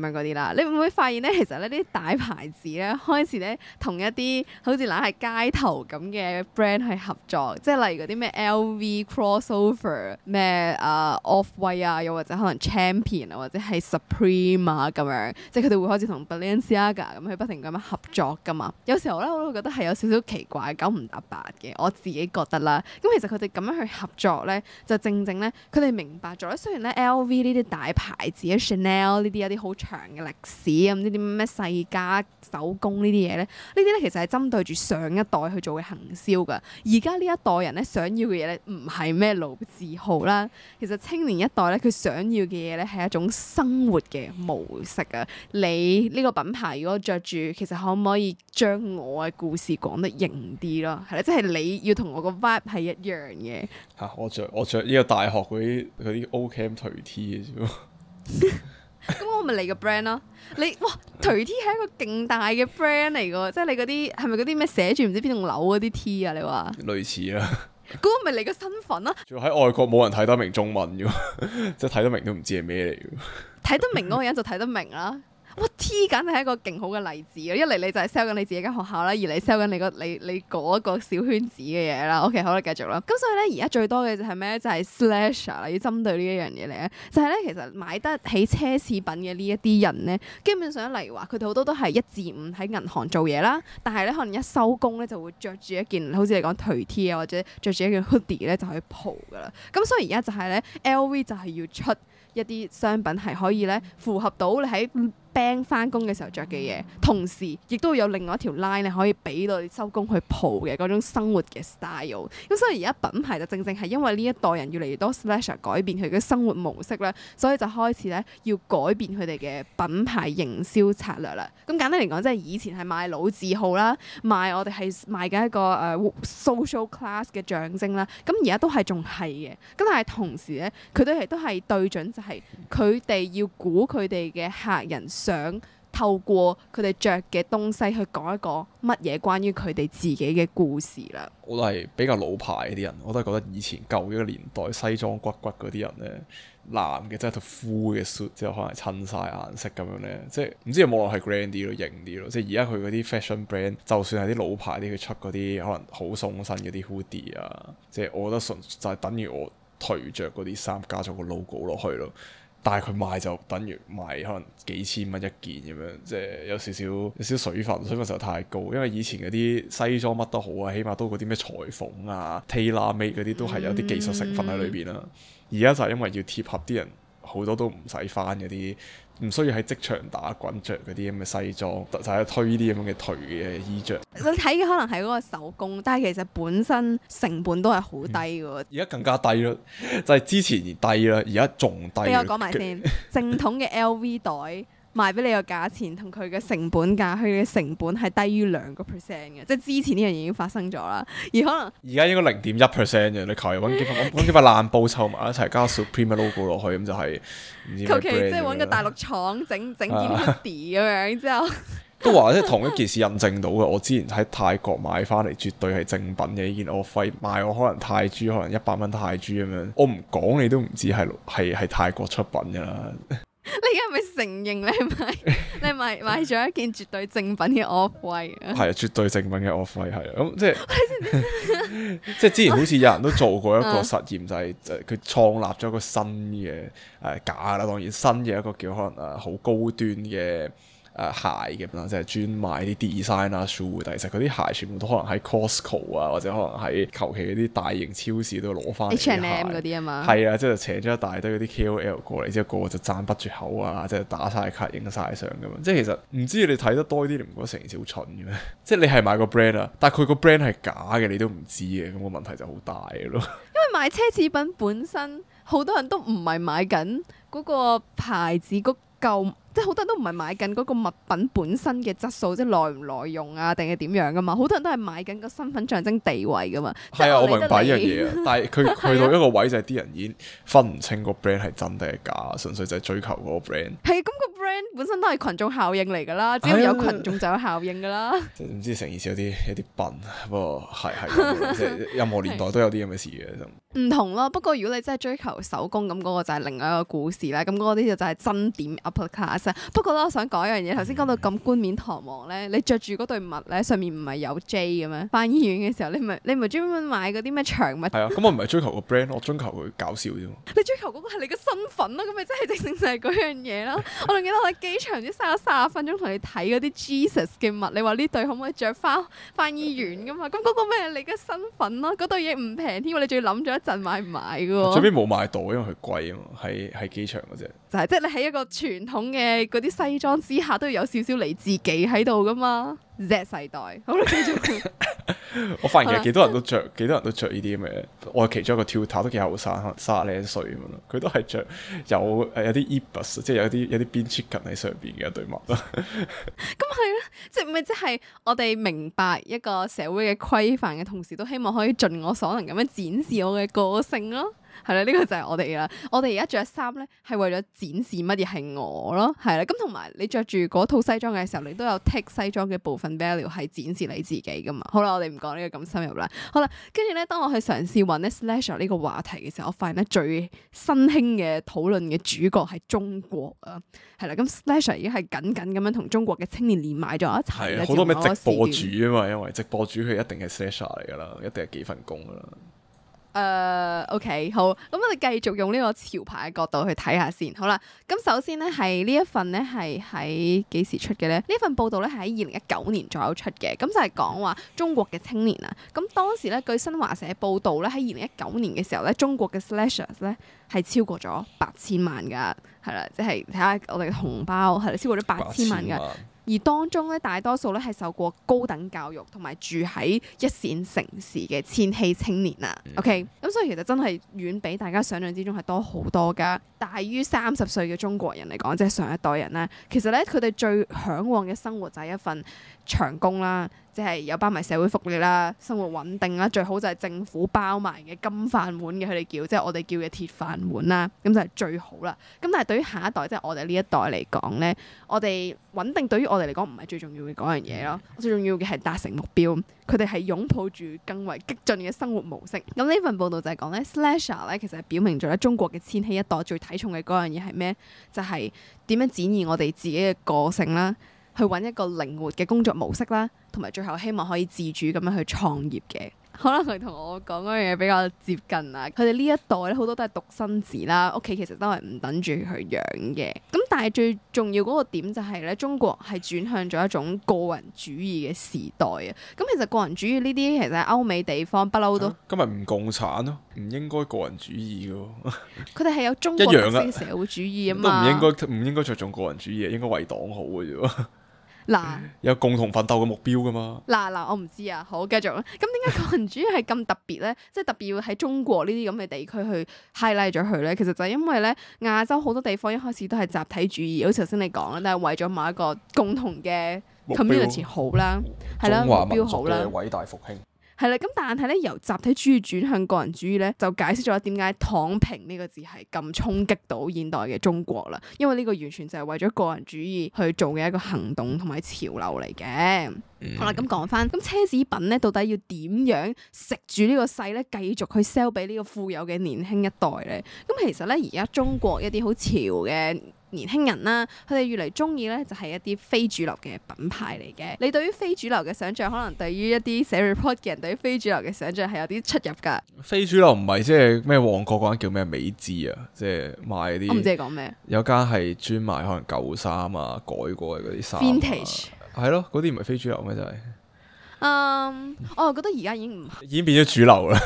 咁樣嗰啲啦，你會唔會發現咧？其實呢啲大牌子咧，開始咧同一啲好似攬係街頭咁嘅 brand 去合作，即係例如嗰啲咩 LV crossover，咩啊、呃、Off-way 啊，又或者可能 Champion 啊，或者係 Supreme 啊咁樣，即係佢哋會開始同 Balenciaga 咁去不停咁樣合作噶嘛。有時候咧，我都覺得係有少少奇怪，九唔搭八嘅，我自己覺得啦。咁其實佢哋咁樣去合作咧，就正正咧，佢哋明白咗咧。雖然咧 LV 呢啲大牌子，Chanel 呢啲有啲好長嘅歷史咁呢啲咩世家手工呢啲嘢呢？呢啲呢其實係針對住上一代去做嘅行銷㗎。而家呢一代人呢，想要嘅嘢呢唔係咩老字號啦。其實青年一代呢，佢想要嘅嘢呢係一種生活嘅模式啊。你呢個品牌如果着住，其實可唔可以將我嘅故事講得型啲咯？係啦，即係你要同我個 Vibe 係一樣嘅。嚇、啊！我着我著呢個大學嗰啲啲 O Camp 頹 T 嘅啫咁 *laughs* 我咪嚟個 brand 咯，你哇，頹 T 係一個勁大嘅 brand 嚟噶，即係你嗰啲係咪嗰啲咩寫住唔知邊棟樓嗰啲 T 啊？你話類似啊。 *laughs* 咁我咪嚟個身份咯。仲喺外國冇人睇得明中文嘅， *laughs* 即係睇得明都唔知係咩嚟嘅。睇得明嗰個人就睇得明啦。哇 T 簡直係一個勁好嘅例子啊！一嚟你就係 sell 緊你自己間學校啦，二嚟 sell 緊你個你你嗰個小圈子嘅嘢啦。OK 好啦，繼續啦。咁所以咧，而家最多嘅就係咩咧？就係、是、slasher 要針對呢一樣嘢嚟咧。就係、是、咧，其實買得起奢侈品嘅呢一啲人咧，基本上例如話佢哋好多都係一至五喺銀行做嘢啦，但係咧可能一收工咧就會着住一件好似你講頹 T 啊，或者着住一件 hoodie 咧就去蒲噶啦。咁所以而家就係咧，LV 就係要出一啲商品係可以咧、嗯、符合到你喺。Bang 翻工嘅時候着嘅嘢，同時亦都會有另外一條 line 咧，可以俾到你收工去蒲嘅嗰種生活嘅 style。咁、嗯、所以而家品牌就正正係因為呢一代人越嚟越多 slasher 改變佢嘅生活模式啦，所以就開始咧要改變佢哋嘅品牌營銷策略啦。咁、嗯、簡單嚟講，即係以前係賣老字號啦，賣我哋係賣緊一個誒、uh, social class 嘅象徵啦。咁而家都係仲係嘅，咁但係同時咧，佢都係都係對準就係佢哋要估佢哋嘅客人。想透過佢哋着嘅東西去講一個乜嘢關於佢哋自己嘅故事啦。我都係比較老牌啲人，我都係覺得以前舊嘅年代西裝骨骨嗰啲人咧，男嘅即係套褲嘅 shirt 之後可能襯晒顏色咁樣咧，即係唔知有冇論係 grand 啲、e、咯，型啲咯。即係而家佢嗰啲 fashion brand，就算係啲老牌啲佢出嗰啲可能好鬆身嗰啲 hoodie 啊，即係我覺得純就係、是、等於我頹着嗰啲衫加咗個 logo 落去咯。但係佢賣就等於賣可能幾千蚊一件咁樣，即係有少少有少水分，水分實在太高。因為以前嗰啲西裝乜都好啊，起碼都嗰啲咩裁縫啊、tailor make 嗰啲都係有啲技術成分喺裏邊啦。而家、嗯、就係因為要貼合啲人。好多都唔使翻嗰啲，唔需要喺職場打滾着嗰啲咁嘅西裝，就係推呢啲咁嘅頹嘅衣着。你睇嘅可能係嗰個手工，但係其實本身成本都係好低嘅。而家、嗯、更加低啦，就係、是、之前低啦，而家仲低。俾我講埋先， *laughs* 正統嘅 LV 袋。賣俾你個價錢同佢嘅成本價，佢嘅成本係低於兩個 percent 嘅，即係之前呢樣嘢已經發生咗啦。而可能而家應該零點一 percent 嘅，你求其揾幾揾幾塊爛布湊埋一齊，加 Supreme logo 落去，咁就係求其即係揾個大陸廠整整件 T 恤咁樣，之後都話即係同一件事印證到嘅。我之前喺泰國買翻嚟，絕對係正品嘅呢件。我費賣我可能泰銖，可能一百蚊泰銖咁樣。我唔講你都唔知係係係泰國出品嘅啦。你而家係咪承認你買 *laughs* 你買買咗一件絕對正品嘅 Off-White？係啊， *laughs* 絕對正品嘅 Off-White 係啊，咁、嗯、即係 *laughs* *laughs* 即係之前好似有人都做過一個實驗， *laughs* 就係就佢創立咗個新嘅誒、呃、假啦，當然新嘅一個叫可能誒好高端嘅。誒、啊、鞋咁啦，即係專賣啲 design 啊，shoe，但其實佢啲鞋全部都可能喺 Costco 啊，或者可能喺求其嗰啲大型超市都攞翻啲 H&M 嗰啲啊嘛。係啊，即係請咗一大堆嗰啲 K O L 過嚟，之後、嗯、個個就讚不絕口啊，即係打晒卡、影晒相咁樣。即係其實唔知你睇得多啲，你唔覺得成件事好蠢嘅咩？ *laughs* 即係你係買個 brand 啊，但係佢個 brand 係假嘅，你都唔知嘅，咁個問題就好大咯。 *laughs* 因為買奢侈品本身好多人都唔係買緊嗰個牌子嗰嚿。即係好多人都唔係買緊嗰個物品本身嘅質素，即係耐唔耐用啊，定係點樣噶嘛？好多人都係買緊個身份象徵地位噶嘛。係啊，是我明白呢樣嘢啊。但係佢去到一個位，就係啲人已經分唔清個 brand 係真定係假，純粹就係追求嗰個 brand。係，咁、嗯，個 brand 本身都係群眾效應嚟噶啦。只要有群眾就有效應噶啦。唔、哎、呀 *laughs* 知成件事有啲有啲笨，不過係係，即係任何年代都有啲咁嘅事嘅。唔 *laughs* 、嗯、同咯，不過如果你真係追求手工咁，嗰個就係另外一個故事啦。咁嗰啲就就係真點。不過咧，我想講一樣嘢。頭先講到咁冠冕堂皇咧，你着住嗰對襪咧，上面唔係有 J 咁樣？翻醫院嘅時候，你咪你咪專門買嗰啲咩長襪？係啊，咁我唔係追求個 brand，我追求佢搞笑啫。你追求嗰個係你嘅身份啦，咁咪真係正正就係嗰樣嘢啦。 *laughs* 我仲記得我喺機場啲嘥咗三十分鐘同你睇嗰啲 Jesus 嘅襪，你話呢對可唔可以着翻翻醫院噶嘛？咁、那、嗰個咩你嘅身份咯？嗰對嘢唔平添，你仲要諗咗一陣買唔買嘅？最尾冇買到，因為佢貴啊嘛，喺喺機場嗰隻。就係，即係你喺一個傳統嘅嗰啲西裝之下，都要有少少你自己喺度噶嘛？Z 世代，好啦，我發現其實幾多人都着，幾 *laughs* 多人都着呢啲咁嘅。我其中一個跳塔都幾後生，可能卅零歲咁樣咯。佢都係着，有誒有啲 ebus，即係有啲有啲邊飾近喺上邊嘅一對襪咁係咯，即係唔係即係我哋明白一個社會嘅規範嘅同時，都希望可以盡我所能咁樣展示我嘅個性咯。 *laughs* 係啦，呢個就係我哋啦。我哋而家着衫咧，係為咗展示乜嘢係我咯。係啦，咁同埋你着住嗰套西裝嘅時候，你都有 take 西裝嘅部分 value 係展示你自己噶嘛。好啦，我哋唔講呢個咁深入啦。好啦，跟住咧，當我去嘗試搵咧 slasher 呢個話題嘅時候，我發現咧最新興嘅討論嘅主角係中國啊。係啦，咁 slasher 已經係緊緊咁樣同中國嘅青年連埋咗一齊。係好的照我 多咩直播主啊嘛，因為直播主佢一定係 slasher 嚟噶啦，一定係幾份工噶啦。誒、uh,，OK，好，咁我哋繼續用呢個潮牌嘅角度去睇下先，好啦。咁首先咧係呢一份咧係喺幾時出嘅咧？呢份報道咧係喺二零一九年左右出嘅，咁就係講話中國嘅青年啊。咁當時咧據新華社報道咧，喺二零一九年嘅時候咧，中國嘅 slashers 咧係超過咗、啊就是啊、八千萬噶，係啦，即係睇下我哋嘅同胞係超過咗八千萬噶。而當中咧，大多數咧係受過高等教育同埋住喺一線城市嘅千禧青年啊。OK，咁、嗯、所以其實真係遠比大家想象之中係多好多㗎。大於三十歲嘅中國人嚟講，即係上一代人咧，其實咧佢哋最嚮往嘅生活就係一份長工啦。即係有包埋社會福利啦、生活穩定啦，最好就係政府包埋嘅金飯碗嘅，佢哋叫即係我哋叫嘅鐵飯碗啦，咁就係最好啦。咁但係對於下一代，即係我哋呢一代嚟講咧，我哋穩定對於我哋嚟講唔係最重要嘅嗰樣嘢咯。最重要嘅係達成目標，佢哋係擁抱住更為激進嘅生活模式。咁呢份報導就係講咧，Slasher 咧其實係表明咗咧，中國嘅千禧一代最睇重嘅嗰樣嘢係咩？就係點樣展現我哋自己嘅個性啦。去揾一個靈活嘅工作模式啦，同埋最後希望可以自主咁樣去創業嘅，可能佢同我講嗰樣嘢比較接近啊。佢哋呢一代咧好多都係獨生子啦，屋企其實都係唔等住去養嘅。咁但係最重要嗰個點就係咧，中國係轉向咗一種個人主義嘅時代啊。咁其實個人主義呢啲其實係歐美地方不嬲都今日唔共產咯，唔應該個人主義嘅。佢哋係有中國式社會主義啊嘛，都唔應該唔應該著重個人主義，應該為黨好嘅啫。 *laughs* 嗱，喏有共同奮鬥嘅目標㗎嘛？嗱嗱，我唔知啊。好，繼續啦。咁點解個人主義係咁特別咧？ *laughs* 即係特別要喺中國呢啲咁嘅地區去 highlight 咗佢咧？其實就係因為咧亞洲好多地方一開始都係集體主義，好似頭先你講啦，但係為咗某一個共同嘅 community 標好啦，係啦，目標好啦，偉大復興。係啦，咁但係咧由集體主義轉向個人主義咧，就解釋咗點解躺平呢個字係咁衝擊到現代嘅中國啦。因為呢個完全就係為咗個人主義去做嘅一個行動同埋潮流嚟嘅。嗯、好啦，咁講翻，咁奢侈品咧到底要點樣食住呢個勢咧，繼續去 sell 俾呢個富有嘅年輕一代咧？咁其實咧而家中國一啲好潮嘅。年輕人啦、啊，佢哋越嚟中意咧，就係一啲非主流嘅品牌嚟嘅。你對於非主流嘅想象，可能對於一啲寫 report 嘅人，對於非主流嘅想象係有啲出入噶。非主流唔係即係咩旺角嗰間叫咩美姿啊，即係賣啲我唔知你講咩。有間係專賣可能舊衫啊、改過嘅嗰啲衫。Vintage 係咯，嗰啲唔係非主流咩？就係、係。嗯，我又覺得而家已經唔，已經變咗主流啦。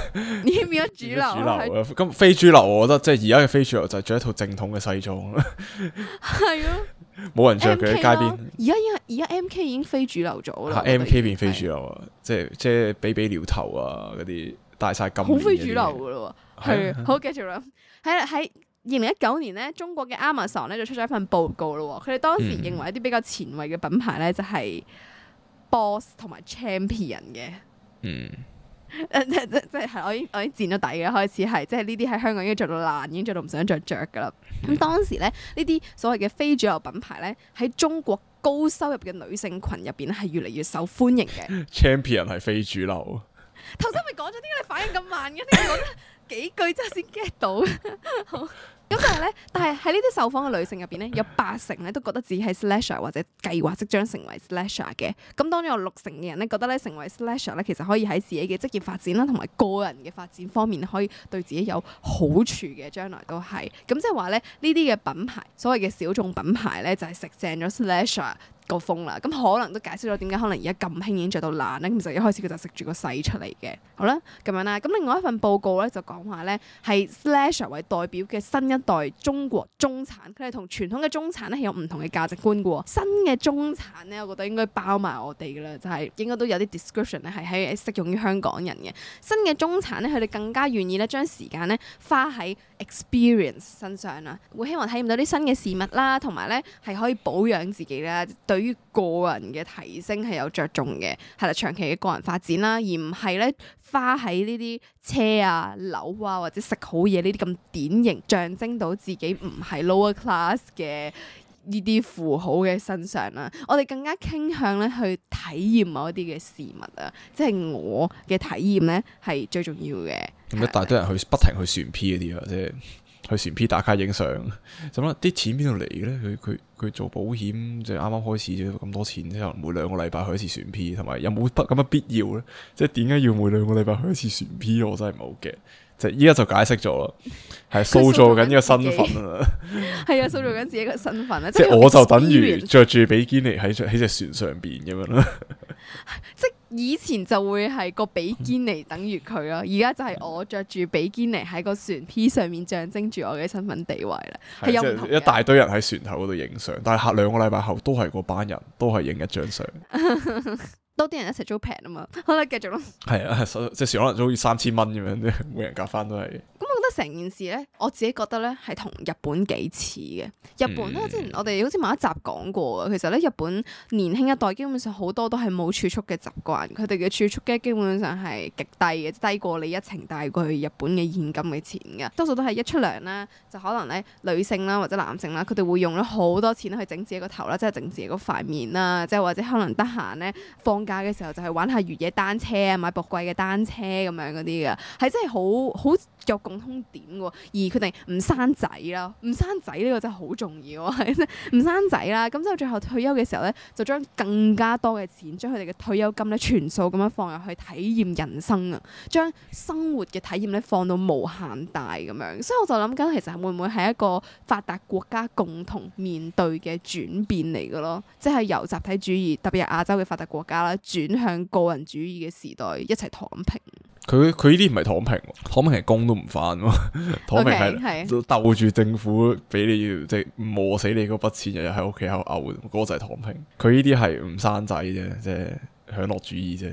已經變咗主流，主流，咁非主流，我覺得即係而家嘅非主流就係着一套正統嘅西裝。係咯，冇人着佢喺街邊。而家而家 M K 已經非主流咗啦。M K 變非主流，即係即係比比鳥頭啊，嗰啲戴晒金。好非主流噶咯，係好繼續啦。喺喺二零一九年咧，中國嘅 Amazon 咧就出咗一份報告咯。佢哋當時認為一啲比較前衞嘅品牌咧就係，boss 同埋 champion 嘅，嗯，即即即係我已經我已墊咗底嘅開始係，即係呢啲喺香港已經着到爛，已經着到唔想再着噶啦。咁當時咧，呢啲所謂嘅非主流品牌咧，喺中國高收入嘅女性群入邊咧，係越嚟越受歡迎嘅。champion 係非主流。頭先咪講咗啲，你反應咁慢嘅，點解講 *laughs* 幾句之後先 get 到。 *laughs* 好。咁但係咧，但係喺呢啲受訪嘅女性入邊咧，有八成咧都覺得自己係 slasher 或者計劃即將成為 slasher 嘅。咁當中有六成嘅人咧，覺得咧成為 slasher 咧，其實可以喺自己嘅職業發展啦，同埋個人嘅發展方面可以對自己有好處嘅。將來都係。咁即係話咧，呢啲嘅品牌，所謂嘅小眾品牌咧，就係食正咗 slasher。個風啦，咁可能都解釋咗點解可能而家咁輕易着到爛咧。其實一開始佢就食住個勢出嚟嘅，好啦，咁樣啦。咁另外一份報告咧就講話咧，係 Slasher 為代表嘅新一代中國中產，佢哋同傳統嘅中產咧係有唔同嘅價值觀嘅喎。新嘅中產咧，我覺得應該包埋我哋㗎啦，就係、是、應該都有啲 description 咧係喺適用於香港人嘅。新嘅中產咧，佢哋更加願意咧將時間咧花喺 experience 身上啦，會希望體驗到啲新嘅事物啦，同埋咧係可以保養自己啦。對於個人嘅提升係有着重嘅，係啦長期嘅個人發展啦，而唔係咧花喺呢啲車啊、樓啊或者食好嘢呢啲咁典型象徵到自己唔係 lower class 嘅呢啲符號嘅身上啦。我哋更加傾向咧去體驗某啲嘅事物啊，即係我嘅體驗咧係最重要嘅。咁一大堆人去不停去船 P 嗰啲啊，即係。去船 P 打卡影相，咁啦啲錢邊度嚟嘅咧？佢佢佢做保險，即係啱啱開始啫，咁多錢之後每兩個禮拜去一次船 P，同埋有冇乜咁嘅必要咧？即係點解要每兩個禮拜去一次船 P？、嗯、我真係冇嘅，就依、是、家就解釋咗啦，係 *laughs* 塑造緊呢個身份啊，係啊，塑造緊自己嘅身份咧，即係我就等於着住比堅尼喺喺隻船上邊咁樣啦， *laughs* 即以前就會係個比堅尼等於佢咯，而家就係我着住比堅尼喺個船 P 上面，象徵住我嘅身份地位啦。係的有，一大堆人喺船頭度影相，但係下兩個禮拜後都係嗰班人，都係影一張相， *laughs* 多啲人一齊租平啊嘛。好啦，繼續咯。係啊，即係可能租要三千蚊咁樣，每人夾翻都係。得成件事咧，我自己覺得咧係同日本幾似嘅。日本咧，之前我哋好似某一集講過嘅，其實咧日本年輕一代基本上好多都係冇儲蓄嘅習慣，佢哋嘅儲蓄嘅基本上係極低嘅，低過你一程帶過去日本嘅現金嘅錢嘅。多數都係一出糧啦，就可能咧女性啦或者男性啦，佢哋會用咗好多錢去整自己個頭啦，即係整自己嗰塊面啦，即係或者可能得閒咧放假嘅時候就係玩下越野單車啊，買薄貴嘅單車咁樣嗰啲嘅，係真係好好有共通。點㗎？而佢哋唔生仔啦，唔生仔呢個真係好重要，唔生仔啦。咁即係最後退休嘅時候咧，就將更加多嘅錢，將佢哋嘅退休金咧全數咁樣放入去體驗人生啊，將生活嘅體驗咧放到無限大咁樣。所以我就諗緊，其實會唔會係一個發達國家共同面對嘅轉變嚟嘅咯？即係由集體主義，特別係亞洲嘅發達國家啦，轉向個人主義嘅時代，一齊躺平。佢佢呢啲唔係躺平，躺平係工都唔翻，躺平係鬥住政府俾你即係、就是、磨死你嗰筆錢，日日喺屋企口牛，嗰、那個、就係躺平。佢呢啲係唔生仔啫，即、就、係、是、享樂主義啫。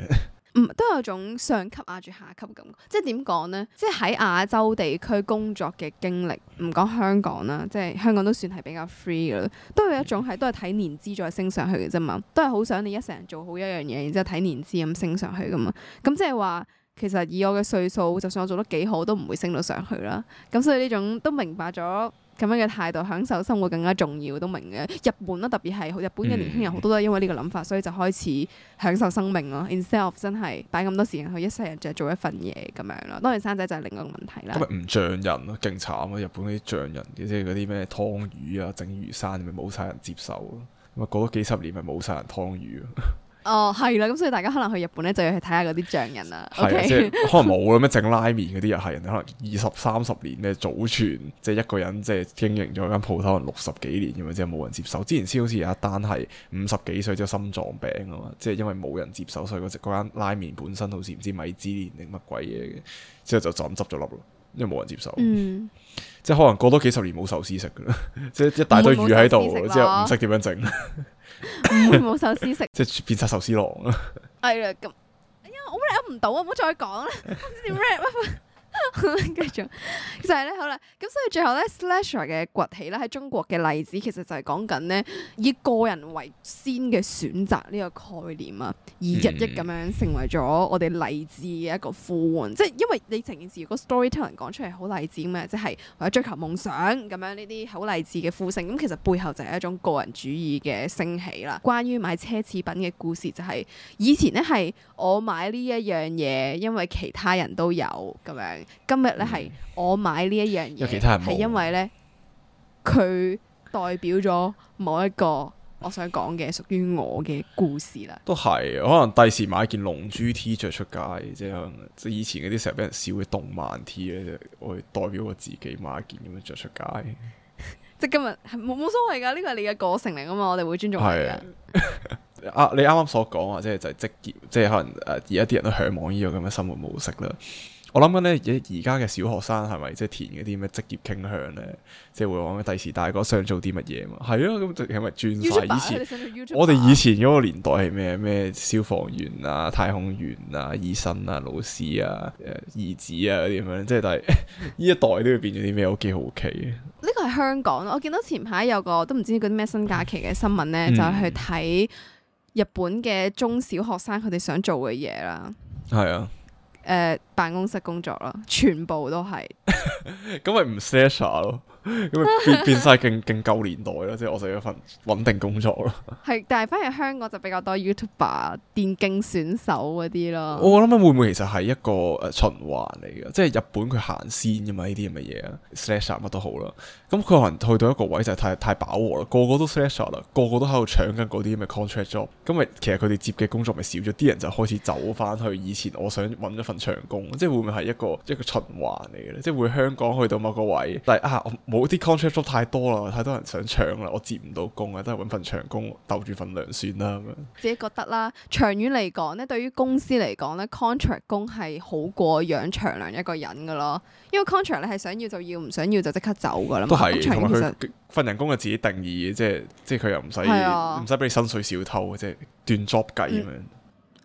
唔、嗯、都有種上級壓住下級感覺，即係點講咧？即係喺亞洲地區工作嘅經歷，唔講香港啦，即係香港都算係比較 free 噶，都有一種係都係睇年資再升上去嘅啫嘛，都係好想你一成人做好一樣嘢，然之後睇年資咁升上去噶嘛，咁即係話。其實以我嘅歲數，就算我做得幾好，都唔會升到上去啦。咁所以呢種都明白咗咁樣嘅態度，享受生活更加重要，都明嘅。日本啦、啊，特別係日本嘅年輕人好多都係因為呢個諗法，所以就開始享受生命咯、啊。instead of 真係擺咁多時間去一世人就做一份嘢咁樣咯。當然生仔就係另外個問題啦。咁咪唔匠人咯、啊，勁慘咯、啊！日本啲匠人，嘅，即係嗰啲咩劏魚啊、整魚生，咪冇晒人接受咯、啊。咪過咗幾十年，咪冇晒人劏魚 *laughs* 哦，係啦，咁所以大家可能去日本咧，就要去睇下嗰啲匠人啦。係的 Okay 即可能冇啦咩，整拉麵嗰啲又係，人哋可能二十三十年嘅祖傳，即係一個人即係經營咗間鋪頭，可能六十幾年咁樣，即係冇人接手。之前先好似有一單係五十幾歲，之後心臟病啊嘛，即係因為冇人接手，所以嗰隻間拉麵本身好似唔知米芝蓮定乜鬼嘢嘅，之後就就咁執咗笠，因為冇人接手。嗯。即係可能過多幾十年冇壽司食噶啦，即係一大堆魚喺度，之後唔識點樣整。嗯 *laughs* 唔會冇壽司食，即係變晒壽司郎啊！係啦，咁哎呀，我 rap 唔到啊！唔好再講啦，我唔知點 rap。繼 *laughs* 續就係咧，好啦，咁所以最後咧，Slasher 嘅崛起咧喺中國嘅例子，其實就係講緊咧以個人為先嘅選擇呢個概念啊，而日益咁樣成為咗我哋勵志嘅一個呼喚、嗯。即係因為你成件事如果 story telling 講出嚟好勵志咁啊，即係或者追求夢想咁樣呢啲好勵志嘅呼聲，咁其實背後就係一種個人主義嘅升起啦。關於買奢侈品嘅故事就係以前咧係我買呢一樣嘢，因為其他人都有咁樣。今日咧，係我買呢一樣嘢，係因為咧佢代表咗某一個我想講嘅屬於我嘅故事啦。都係可能第時買件龍珠 T 着出街，即係可能即係以前嗰啲成日俾人笑嘅動漫 T 咧，我代表我自己買一件咁樣着出街。即係今日冇冇所謂噶，呢個係你嘅個性嚟啊嘛，我哋會尊重你。阿是的 *laughs* 你啱啱所講話，即係就係職業，即係可能誒，而家啲人都向往呢個咁嘅生活模式啦。我諗緊咧，而家嘅小學生係咪即係填嗰啲咩職業傾向咧？即係會往第時大個想做啲乜嘢啊？係啊，咁其實咪轉晒以前。YouTuber，我哋以前嗰個年代係咩咩消防員啊、太空員啊、醫生啊、老師啊、兒子啊嗰啲咁樣，即係但係呢一代都會變咗啲咩？我幾好奇嘅。呢個係香港我見到前排有個都唔知嗰啲咩新假期嘅新聞咧，嗯，就係去睇日本嘅中小學生佢哋想做嘅嘢啦。係啊。誒、呃、辦公室工作咯，全部都係，咁咪唔 special 咯。咁 *laughs* 變變晒，勁勁舊年代啦，即係我想一份穩定工作咯。係，但係反而香港就比較多 YouTuber、電競選手嗰啲咯。我諗下會唔會其實係一個、呃、循環嚟嘅？即係日本佢行先噶嘛，呢啲咁嘅嘢啊，Slash 乜都好啦。咁佢可能去到一個位就係太太飽和啦，個個都 Slash 啦，個個都喺度搶緊嗰啲咁嘅 contract job。咁咪其實佢哋接嘅工作咪少咗，啲人就開始走翻去以前。我想揾一份長工，即係會唔會係一個一個循環嚟嘅咧？即係會香港去到某個位，但係啊冇啲 contract job 太多啦，太多人想搶啦，我接唔到工啊，都係揾份長工逗住份糧算啦咁樣。自己覺得啦，長遠嚟講咧，對於公司嚟講咧，contract 工係好過養長糧一個人噶咯。因為 contract 你係想要就要，唔想要就即刻走噶啦都係是咁，長遠其實佢份人工係自己定義嘅，即係即係佢又唔使唔使俾你薪水小偷，即係斷 job 計咁樣。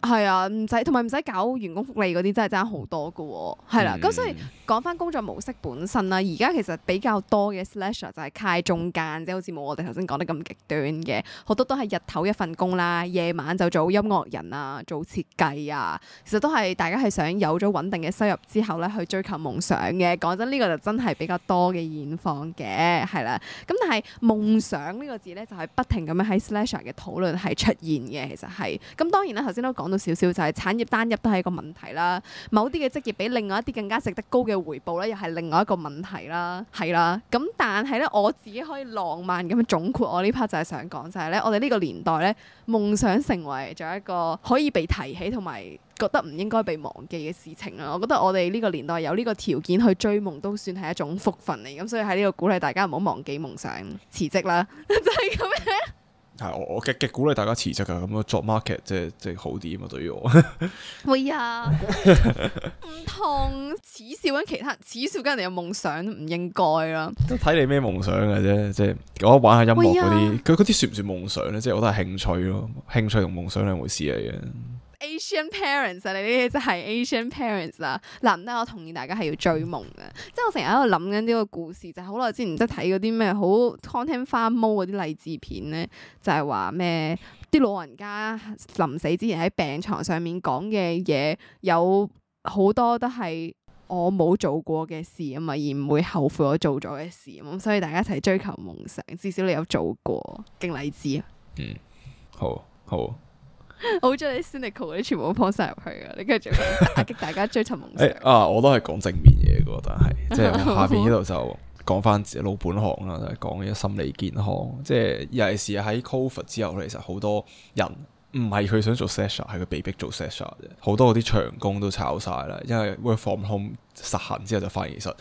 係啊，唔使同埋唔使搞員工福利嗰啲，真係爭好多㗎喎，係啦、嗯。咁所以講返工作模式本身啦，而家其實比較多嘅 slasher 就係卡喺中間，即、就、係、是、好似冇我哋頭先講得咁極端嘅，好多都係日頭一份工啦，夜晚就做音樂人啊，做設計啊。其實都係大家係想有咗穩定嘅收入之後咧，去追求夢想嘅。講真，呢、這個就真係比較多嘅現況嘅，係啦。咁但係夢想呢個字咧，就係、是、不停咁樣喺 slasher 嘅討論係出現嘅，其實係。咁當然啦，頭先都講到。少少就係產業單一都係一個問題啦，某啲嘅職業比另外一啲更加值得高嘅回報咧，又係另外一個問題啦，係啦。咁但係咧，我自己可以浪漫咁樣總括我呢 part 就係想講就係咧，我哋呢個年代咧，夢想成為咗一個可以被提起同埋覺得唔應該被忘記嘅事情啦。我覺得我哋呢個年代有呢個條件去追夢，都算係一種福分嚟。咁所以喺呢度鼓勵大家唔好忘記夢想辭職啦， *laughs* 就係咁樣。係我我極極鼓勵大家辭職噶，咁樣做 market 即係即係好啲啊嘛，對於我會啊，唔同恥笑緊其他，恥笑緊人哋有夢想唔應該啦。都睇你咩夢想嘅啫，即我一玩一下音樂嗰啲，佢嗰啲算唔算夢想咧？即我都係興趣咯，興趣同夢想兩回事嚟嘅。Asian parents, As parents 啊，你呢啲就係 Asian parents 啦。難得，我同意大家係要追夢嘅。即係我成日喺度諗緊呢個故事，就係好耐之前都睇嗰啲咩好看聽翻毛嗰啲勵志片咧，就係話咩啲老人家臨死之前喺病床上面講嘅嘢，有好多都係我冇做過嘅事啊嘛，而唔會後悔我做咗嘅事咁，所以大家一齊追求夢想，至少你有做過，勁勵志啊！嗯，好好。好中意 cynical 嗰啲，全部都放晒入去噶。你繼續打擊大家追尋夢想。啊，我都係講正面嘢噶，但係即係下邊呢度就講翻自己老本行啦， *laughs* 就係講一心理健康。即係尤其是喺 COVID 之後，其實好多人唔係佢想做 slash，係佢被逼做 slash 啫。好多嗰啲長工都炒晒啦，因為 work from home 實行之後就發現，哎，其實誒，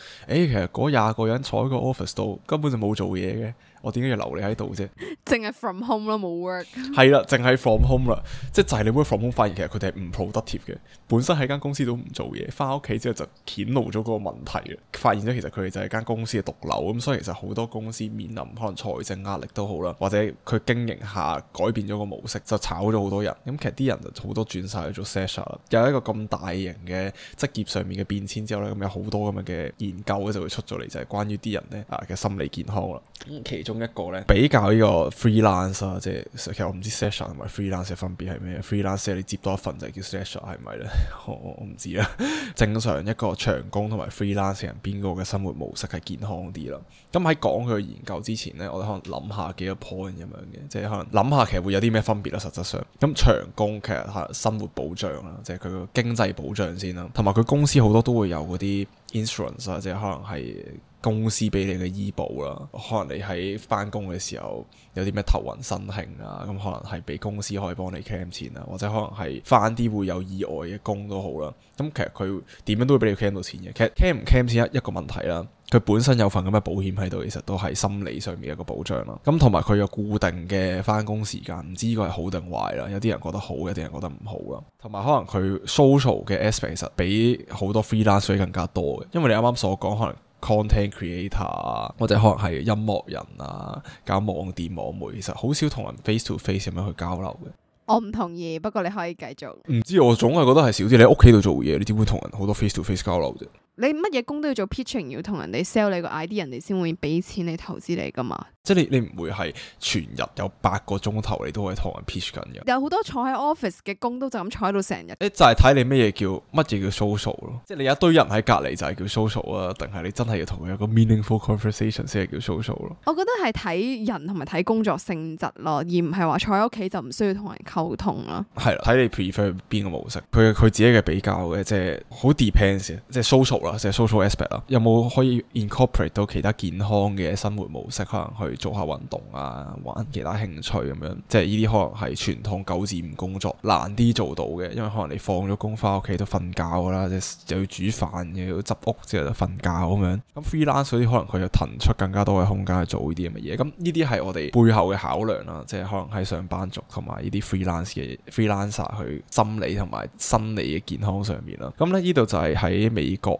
其實嗰廿個人坐喺個 office 度根本就冇做嘢嘅。我點解要留你喺度啫？淨係 from home 咯，冇 work。係啦，淨係 from home 啦，即係就係你會 from home 發現其實佢哋係唔 productive 嘅，本身喺間公司都唔做嘢，翻屋企之後就顯露咗嗰個問題啊！發現咗其實佢哋就係間公司嘅毒瘤，咁所以其實好多公司面臨可能財政壓力都好啦，或者佢經營下改變咗個模式就炒咗好多人。咁其實啲人就好多轉晒去做 slasher 啦。有一個咁大型嘅職業上面嘅變遷之後咧，咁有好多咁嘅研究就會出咗嚟，就係、是、關於啲人咧啊嘅心理健康啦。其中。一個咧比較呢個 freelance 啊，即係其實我唔知 slasher 同埋 freelance 嘅分別係咩？freelance 你接多一份就叫 slasher 係咪咧？ *laughs* 我我唔知啦。 *laughs* 正常一個長工同埋 freelancer 人邊個嘅生活模式係健康啲啦？咁喺講佢研究之前咧，我哋可能諗下幾多 point 咁樣嘅，即係可能諗下其實會有啲咩分別啦。實質上，咁長工其實係生活保障啦，即係佢個經濟保障先啦，同埋佢公司好多都會有嗰啲 insurance 啊，即係可能係。公司俾你嘅醫保啦，可能你喺返工嘅時候有啲咩頭暈身㷫啊，咁、嗯、可能係俾公司可以幫你 claim 錢啊，或者可能係返啲會有意外嘅工都好啦。咁其實佢點樣都會俾你 claim 到錢嘅，其實 claim 唔 claim 錢一一個問題啦。佢本身有份咁嘅保險喺度，其實都係心理上面一個保障囉。咁同埋佢有固定嘅返工時間，唔知呢個係好定壞啦。有啲人覺得好，有啲人覺得唔好㗎。同埋可能佢 social 嘅 aspect 其實、啊、比好多 freelancer 更加多嘅，因為你啱啱所講可能。Content creator 啊，或者可能係音樂人啊，搞網店網媒，其實好少同人 face to face 咁樣去交流嘅。我唔同意，不過你可以繼續。唔知我總係覺得係少啲。你喺屋企度做嘢，你點會同人好多 face to face 交流啫？你乜嘢工都要做 pitching，要同人哋 sell 你個 idea，人哋先會俾錢你投資你噶嘛。即係你你唔會係全日有八個鐘頭你都喺同人 pitch 緊嘅。有好多坐喺 office 嘅工都就咁坐喺度成日。你就係睇你乜嘢叫乜嘢叫 social 咯，即係你一堆人喺隔籬就係叫 social 啊，定係你真係要同佢有一個 meaningful conversation 先係叫 social 咯？我覺得係睇人同埋睇工作性質咯，而唔係話坐喺屋企就唔需要同人溝通咯。係啦，睇你 prefer 邊個模式，佢佢自己嘅比較嘅，即係好 depends，即係 social。即係 social aspect 啦，有冇可以 incorporate 到其他健康嘅生活模式，可能去做下運動啊，玩其他興趣咁樣，即係呢啲可能係傳統九至五工作難啲做到嘅，因為可能你放咗工翻屋企都瞓覺噶啦，即係又要煮飯，又要執屋，之後就瞓覺咁樣。咁 freelance 嗰啲可能佢就騰出更加多嘅空間去做呢啲咁嘅嘢。咁呢啲係我哋背後嘅考量啦，即係可能喺上班族同埋呢啲 freelance 嘅 freelancer 心理同埋心理嘅健康上面啦。咁咧呢度就係喺美國。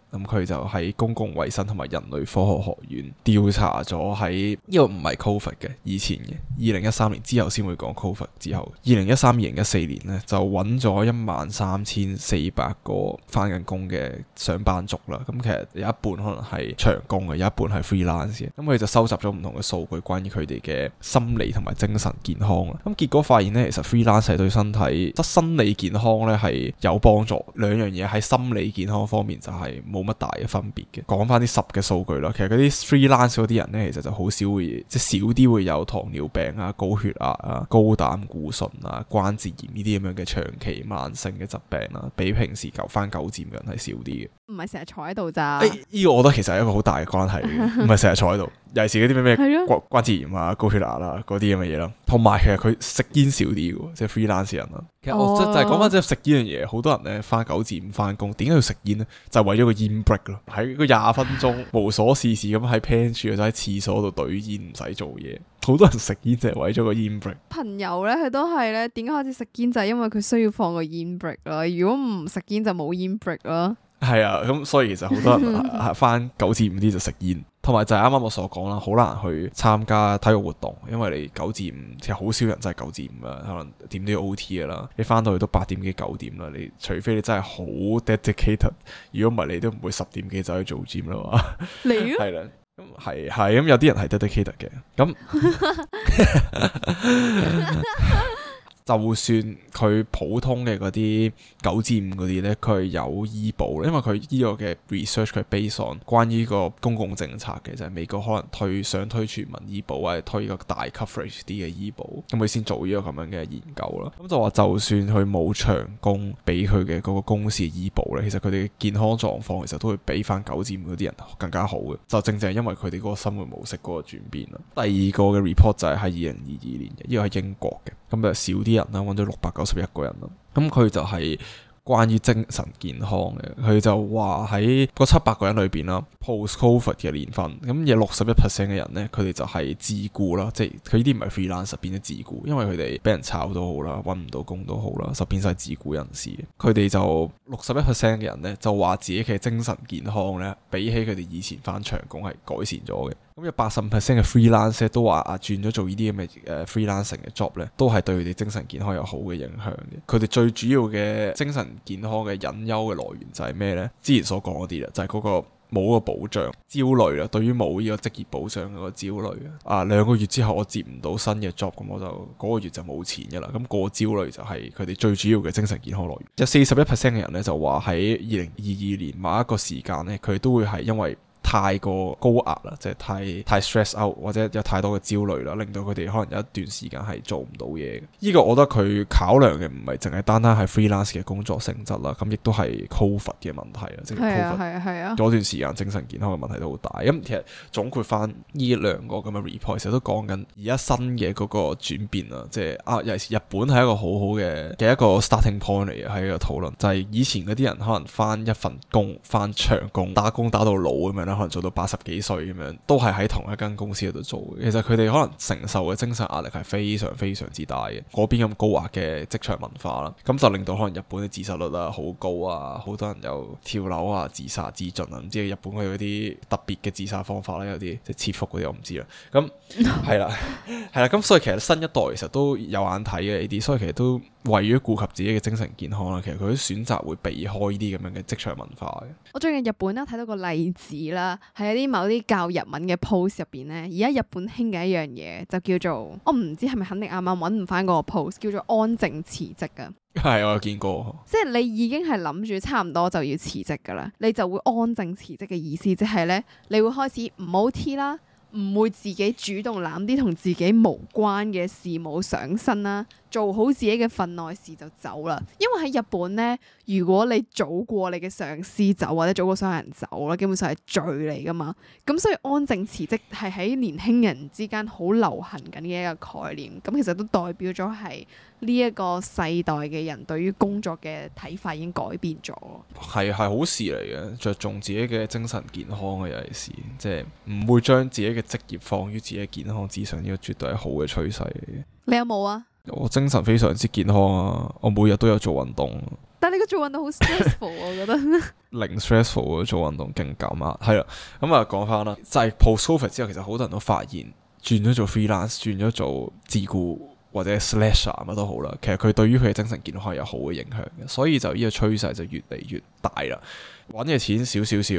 咁佢就喺公共衛生同埋人類科學學院調查咗喺呢個唔係 Covid 嘅，以前嘅二零一三年之後先會講 Covid 之後二零一三二零一四年咧就揾咗一萬三千四百個翻緊工嘅上班族啦。咁其實有一半可能係長工嘅，有一半係 freelance 嘅。咁佢就收集咗唔同嘅數據關於佢哋嘅心理同埋精神健康啦。咁結果發現咧，其實 freelance 對身體得心理健康咧係有幫助，兩樣嘢喺心理健康方面就係冇。冇乜大嘅分別嘅，講翻啲十嘅數據啦。其實嗰啲 freelance 嗰啲人咧，其實就好少會即係、就是、少啲會有糖尿病啊、高血壓啊、高膽固醇啊、關節炎呢啲咁樣嘅長期慢性嘅疾病啦，啊，比平時搞翻九字五嘅人係少啲嘅。唔係成日坐喺度咋？呢、哎呢個我覺得其實係一個好大嘅關係。唔係成日坐喺度，尤其是嗰啲咩咩關關節炎啊、高血壓啦嗰啲咁嘅嘢咯。同埋其實佢食煙少啲嘅，即、就、係、是、freelance 人啦。其實我即係講翻即係食煙呢樣嘢，好多人咧翻九字唔翻工，點解要食煙咧？就係、是、為咗個煙 break 咯，喺廿分鐘 *laughs* 無所事事咁喺 pants 住，喺廁所度懟煙，唔使做嘢。好多人食煙就係為咗個煙 break。朋友咧，佢都係咧，點解開始食煙就係因為佢需要放個煙 break 咯。如果唔食煙就冇煙 break 咯。係啊，咁所以其實好多人翻九、 *laughs* 啊、至五點就食煙。同埋就係啱啱我所講啦，好難去參加體育活動，因為你九至五，其實好少人真係九至五啊，可能點都要 OT 嘅啦，你翻到去都八點幾九點啦，你除非你真係好 dedicated，如果唔係你都唔會十點幾就去做 gym 啦嘛，你咯、啊，係啦， *laughs* 咁有啲人係 dedicated 嘅，咁。 *laughs* *laughs* *laughs* 就算佢普通嘅啲九至五啲咧，佢係有醫保，因為佢呢個嘅 research 佢 base on 關於個公共政策嘅，就係美國可能推想推全民醫保，或者推個大 coverage 啲嘅醫保，咁佢先做呢個咁樣嘅研究啦。咁就話就算佢冇長工俾佢嘅個公司醫保咧，其實佢哋嘅健康狀況其實都會比翻九至五啲人更加好嘅，就正正係因為佢哋個生活模式個轉變啦。第二個嘅 report 就係喺二零二二年嘅，呢個係英國嘅，咁啊少啲人啦，揾咗六百九十一個人啦，咁佢就係關於精神健康嘅，佢就話喺嗰七百個人裏邊啦，post-COVID 嘅年份，咁有六十一 percent 嘅人咧，佢哋就係自僱啦，即係佢呢啲唔係 freelancer，變咗自僱，因為佢哋俾人炒都好啦，揾唔到工都好啦，就變曬自僱人士，佢哋就六十一 percent 嘅人咧，就話自己嘅精神健康咧，比起佢哋以前返長工係改善咗嘅。咁有八十五 percent 嘅 freelancer 都話啊，轉咗做呢啲咁嘅誒 freelancing 嘅 job 咧，都係對佢哋精神健康有好嘅影響嘅。佢哋最主要嘅精神健康嘅隱憂嘅來源就係咩咧？之前所講嗰啲啦，就係嗰個冇個保障焦慮啦。對於冇呢個職業保障嗰個焦慮啊，兩個月之後我接唔到新嘅 job，咁我就嗰個月就冇錢噶啦。咁個焦慮就係佢哋最主要嘅精神健康來源。有四十一 percent 嘅人咧，就話喺二零二二年某一個時間咧，佢都會係因為。太過高壓啦，即係太太 stress out，或者有太多嘅焦慮啦，令到佢哋可能有一段時間係做唔到嘢。呢、這個我覺得佢考量嘅唔係淨係單單係 freelance 嘅工作性質啦，咁亦都係 COVID 嘅問題啊，即係 COVID 嗰段時間精神健康嘅問題都好大。咁、嗯、其實總括翻呢兩個咁嘅 report，成日都講緊而家新嘅嗰個轉變啦，即係啊，尤其是日本係一個好好嘅嘅一個 starting point 嚟嘅喺呢個討論，就係、是、以前嗰啲人可能翻一份工，翻長工，打工打到老咁樣可能做到八十幾歲咁樣，都係喺同一間公司度做。其實佢哋可能承受嘅精神壓力係非常非常之大嘅，嗰邊咁高壓嘅職場文化啦，咁就令到可能日本嘅自殺率啊好高啊，好多人又跳樓啊、自殺自盡啊，唔知日本有啲特別嘅自殺方法啦，有啲即係切腹嗰啲，我唔知啦。咁係啦，係啦，咁所以其實新一代其實都有眼睇嘅呢啲，所以其實都。為咗顧及自己嘅精神健康啦，其實佢都選擇會避開呢啲咁樣嘅職場文化嘅。我最近日本咧睇到個例子啦，係一啲某啲教日文嘅 post 入邊咧，而家日本興嘅一樣嘢就叫做，我唔知係咪肯定啱啱揾唔翻嗰個 post，叫做安靜辭職啊。係，我有見過。即係你已經係諗住差唔多就要辭職噶啦，你就會安靜辭職嘅意思，即係咧，你會開始唔 OT 啦，唔會自己主動攬啲同自己無關嘅事務上身啦。做好自己嘅份內事就走啦，因為喺日本咧，如果你早過你嘅上司走，或者早過所有人走咧，基本上係罪嚟噶嘛。咁所以安靜辭職係喺年輕人之間好流行緊嘅一個概念。咁其實都代表咗係呢一個世代嘅人對於工作嘅睇法已經改變咗。係係好事嚟嘅，着重自己嘅精神健康嘅尤其係，即係唔會將自己嘅職業放於自己嘅健康之上，呢個絕對係好嘅趨勢嚟嘅。你有冇啊？我精神非常之健康啊！我每日都有做運動，但係你個做運動好 stressful， *laughs* 我覺得 *laughs* 零 stressful 做運動勁減壓，係 *laughs* 啦，咁啊講翻啦，就係、是、post office 之後，其實好多人都發現轉咗做 freelance，轉咗做自雇或者 slasher 乜都好啦，其實佢對於佢嘅精神健康有好嘅影響嘅，所以就呢個趨勢就越嚟越大啦。揾嘅錢少少少，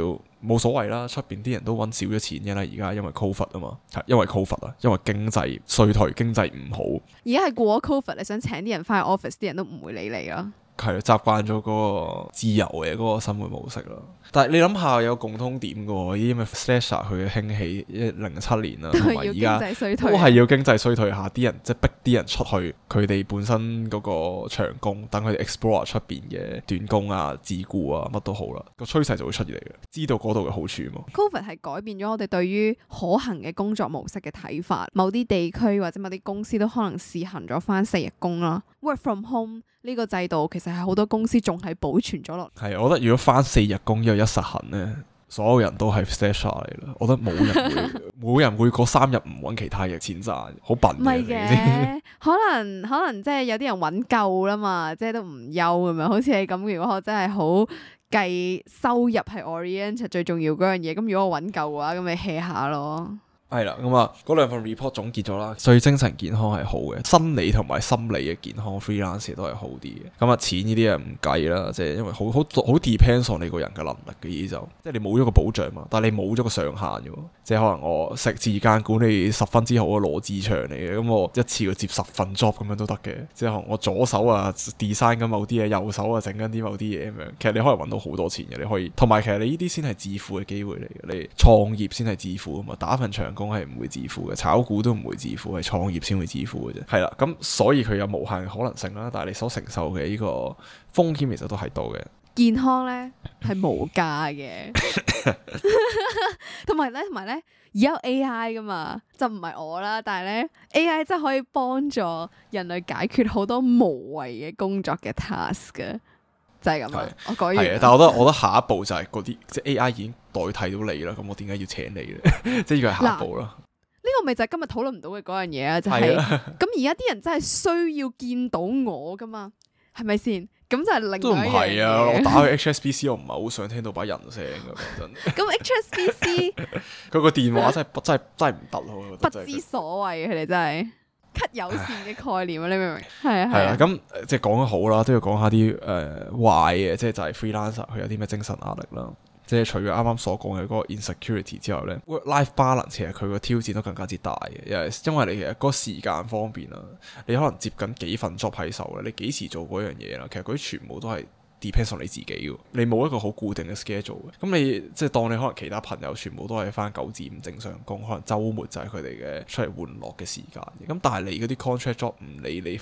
冇所謂啦。出邊啲人都揾少咗錢嘅啦。而家因為 COVID 啊嘛，係因為 COVID 啊，因為經濟衰退，經濟唔好。而家係過咗 COVID，你想請啲人翻去 office，啲人都唔會理你啊。係習慣咗嗰個自由嘅嗰個生活模式咯，但係你諗下有共通點嘅，因為 Slasher 佢興起一零七年啦，同埋而家，都係要經濟衰退下，啲人即係、就是、逼啲人出去，佢哋本身嗰個長工，等佢哋 explore 出邊嘅短工啊、自雇啊，乜都好啦，個趨勢就會出嚟嘅，知道嗰度嘅好處嘛。Covid 係改變咗我哋對於可行嘅工作模式嘅睇法，某啲地區或者某啲公司都可能試行咗翻四日工啦，work from home 呢個制度其就係好多公司仲係保存咗落。係，我覺得如果翻四日工又一實行咧，所有人都係 stay 嚟啦。我覺得冇人冇 *laughs* 人會過三日唔搵其他嘢錢賺，好笨嘅 *laughs* 。可能可能即係有啲人搵夠啦嘛，即係都唔休咁樣。好似係咁，如果我真係好計收入係 orient 最重要嗰樣嘢，咁如果我搵夠嘅話，咁咪 hea 下咯。係啦，咁啊，嗰兩份 report 總結咗啦，所以精神健康係好嘅，心理同埋心理嘅健康 freelancer 都係好啲嘅。咁、嗯、啊，錢呢啲啊唔計啦，即係因為好好好 depend on 你個人嘅能力嘅嘢就，即係你冇咗個保障嘛，但係你冇咗個上限嘅喎，即係可能我食時間管理十分之好嘅羅志祥嚟嘅，咁我，我一次過接十份 job 咁樣都得嘅，即係可能我左手啊 design 緊某啲嘢，右手啊整緊啲某啲嘢咁樣，其實你可以揾到好多錢嘅，你可以，同埋其實你呢啲先係致富嘅機會嚟嘅，你創業先係致富啊嘛，打份長工。係唔會致富嘅，炒股都唔會致富，係創業先會致富嘅啫。係啦，咁所以佢有無限嘅可能性啦，但係你所承受嘅呢個風險其實都係多嘅。健康咧係無價嘅，同埋咧同埋咧而家有 AI 㗎嘛，就唔係我啦，但係咧 AI 真係可以幫助人類解決好多無謂嘅工作嘅 task 噶。就係咁啊！我改完，但係我覺得我覺得下一步就係嗰啲即係 A.I. 已經代替到你啦，咁我點解要請你咧？即係要係下一步啦。呢個咪就係今日討論唔到嘅嗰樣嘢啊！就係咁而家啲人真係需要見到我噶嘛？係咪先？咁就係另一都唔係啊！我打去 HSBC 我唔係好想聽到把人聲㗎。講真。咁 HSBC 佢個電話真係真係真係唔得咯！不知所謂，佢哋真係。咳，友善嘅概念 *laughs* 啊，你明唔明？係啊，係、嗯、啊。咁即係講好啦，都要講下啲誒壞嘅，即係就係 freelancer 佢有啲咩精神壓力啦。即係除咗啱啱所講嘅嗰個 insecurity 之後呢 work-life balance 其實佢個挑戰都更加之大嘅，因為因為你其實嗰時間方面啊，你可能接緊幾份 job 喺手咧，你幾時做嗰樣嘢啦？其實佢全部都係。Depends on 你自己嘅，你冇一個好固定嘅 schedule 嘅，咁你即係當你可能其他朋友全部都係返九至五正常工，可能周末就係佢哋嘅出嚟玩樂嘅時間，咁但係你嗰啲 contract job 唔理你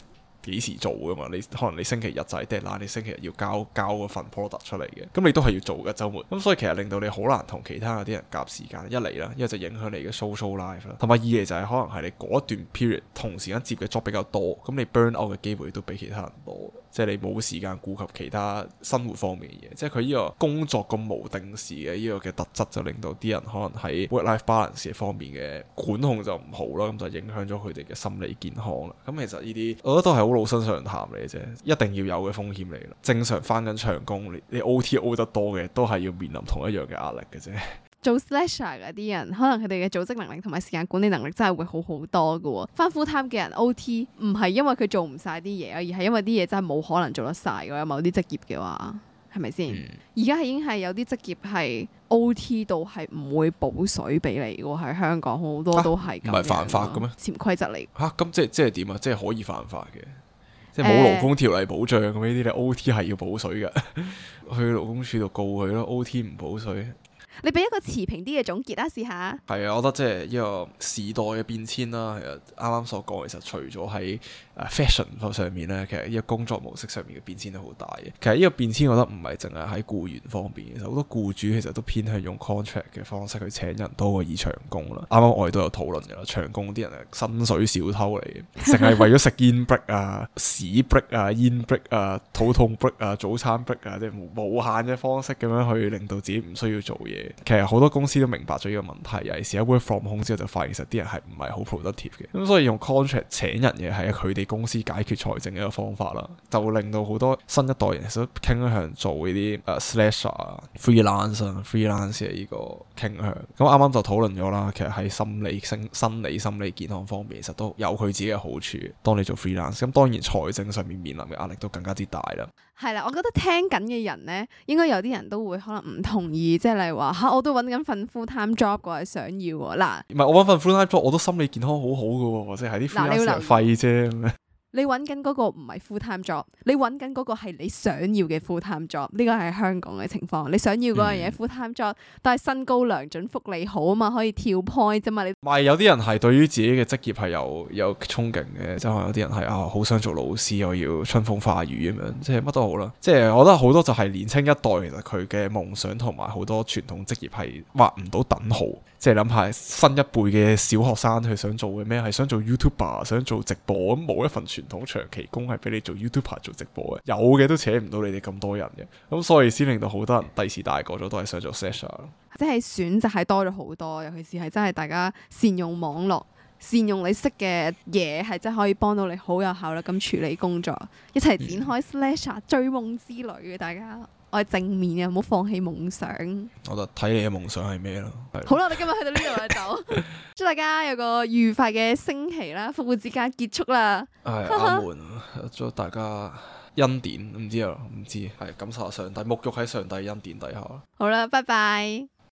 幾時做嘅嘛，你可能你星期日就係 deadline，你星期日要交交份 product 出嚟嘅，咁你都係要做嘅周末，咁所以其實令到你好難同其他嗰啲人夾時間，一嚟啦，一嚟就影響你嘅 social life 啦，同埋二嚟就係可能係你嗰段 period 同時間接嘅 job 比較多，咁你 burn out 嘅機會都比其他人多。即係你冇時間顧及其他生活方面嘅嘢，即係佢呢個工作咁無定時嘅呢個嘅特質，就令到啲人可能喺 work-life balance 方面嘅管控就唔好啦，咁就影響咗佢哋嘅心理健康啦。咁其實呢啲我覺得都係好老生常談嚟嘅啫，一定要有嘅風險嚟。正常翻緊長工，你你 O T O 得多嘅，都係要面臨同一樣嘅壓力嘅啫。做 slasher 嗰啲人，可能佢哋嘅組織能力同埋時間管理能力真係會好好多嘅、哦。翻 full time 嘅人 OT 唔係因為佢做唔晒啲嘢啊，而係因為啲嘢真係冇可能做得晒嘅。有某啲職業嘅話，係咪先？而家、嗯、已經係有啲職業係 OT 到係唔會補水俾你嘅喎。喺香港好多都係咁，唔係犯法嘅咩？潛規則嚟嚇，咁即係即係點啊？即係可以犯法嘅，即係冇勞工條例保障咁呢啲，你、欸、OT 係要補水嘅， *laughs* 去勞工處度告佢咯。OT 唔補水。你俾一個持平啲嘅總結啦、啊，試下。係啊，我覺得即係呢個時代嘅變遷啦、啊。其實啱啱所講，其實除咗喺、呃、fashion 上面咧，其實呢個工作模式上面嘅變遷都好大嘅。其實呢個變遷，我覺得唔係淨係喺僱員方面，其實好多僱主其實都偏向用 contract 嘅方式去請人，多過以長工啦。啱啱我哋都有討論㗎啦，長工啲人係薪水小偷嚟嘅，淨係為咗食煙 break 啊、屎 *laughs* break 啊、煙 break 啊、肚痛 break 啊、早餐 break 啊，即係無限嘅方式咁樣去令到自己唔需要做嘢。其實好多公司都明白咗呢個問題，尤其是喺 Work From Home 之後，就發現其實啲人係唔係好 productive 嘅，咁、嗯、所以用 contract 請人嘅係佢哋公司解決財政嘅一個方法啦，就令到好多新一代人，其實傾向做呢啲誒、呃、slasher 啊 freelancer 啊、freelancer、啊、freelancer 呢個傾向。咁啱啱就討論咗啦，其實喺心理、心心理、心理健康方面，其實都有佢自己嘅好處。當你做 freelancer，咁、嗯嗯、當然財政上面面臨嘅壓力都更加之大啦。係啦，我覺得聽緊嘅人咧，應該有啲人都會可能唔同意，即係例如話吓，我都揾緊份 full time job，我係想要喎。嗱，唔係我揾份 full time job，我都心理健康好好嘅喎，即係啲 full 費啫。 *laughs* 你揾緊嗰個唔係 full time job，你揾緊嗰個係你想要嘅 full time job，呢個係香港嘅情況。你想要嗰樣嘢 full time job，、嗯、但係薪高糧準福利好啊嘛，可以跳 point。啫嘛、嗯。你，唔咪有啲人係對於自己嘅職業係有有憧憬嘅，即、就、係、是、有啲人係啊，好想做老師，我要春風化雨咁樣，即係乜都好啦。即、就、係、是、我覺得好多就係年青一代，其實佢嘅夢想同埋好多傳統職業係畫唔到等號。即係諗下新一輩嘅小學生佢想做嘅咩？係想做 YouTuber，想做直播咁，冇一份全傳統長期工係俾你做 YouTuber 做直播嘅，有嘅都扯唔到你哋咁多人嘅，咁所以先令到好多人第時大個咗都係想做 Slasher。即係選擇係多咗好多，尤其是係真係大家善用網絡，善用你識嘅嘢係真係可以幫到你好有效率。咁處理工作，一齊展開 Slasher、啊嗯、追夢之旅嘅大家。我係正面嘅，唔好放棄夢想。我就睇你嘅夢想係咩咯。係好啦，我哋今日去到呢度就走，祝大家有個愉快嘅星期啦！復活節結束啦。係、啊、阿門， *laughs* 祝大家恩典唔知啊，唔知係感謝上帝，沐浴喺上帝恩典底下。好啦，拜拜。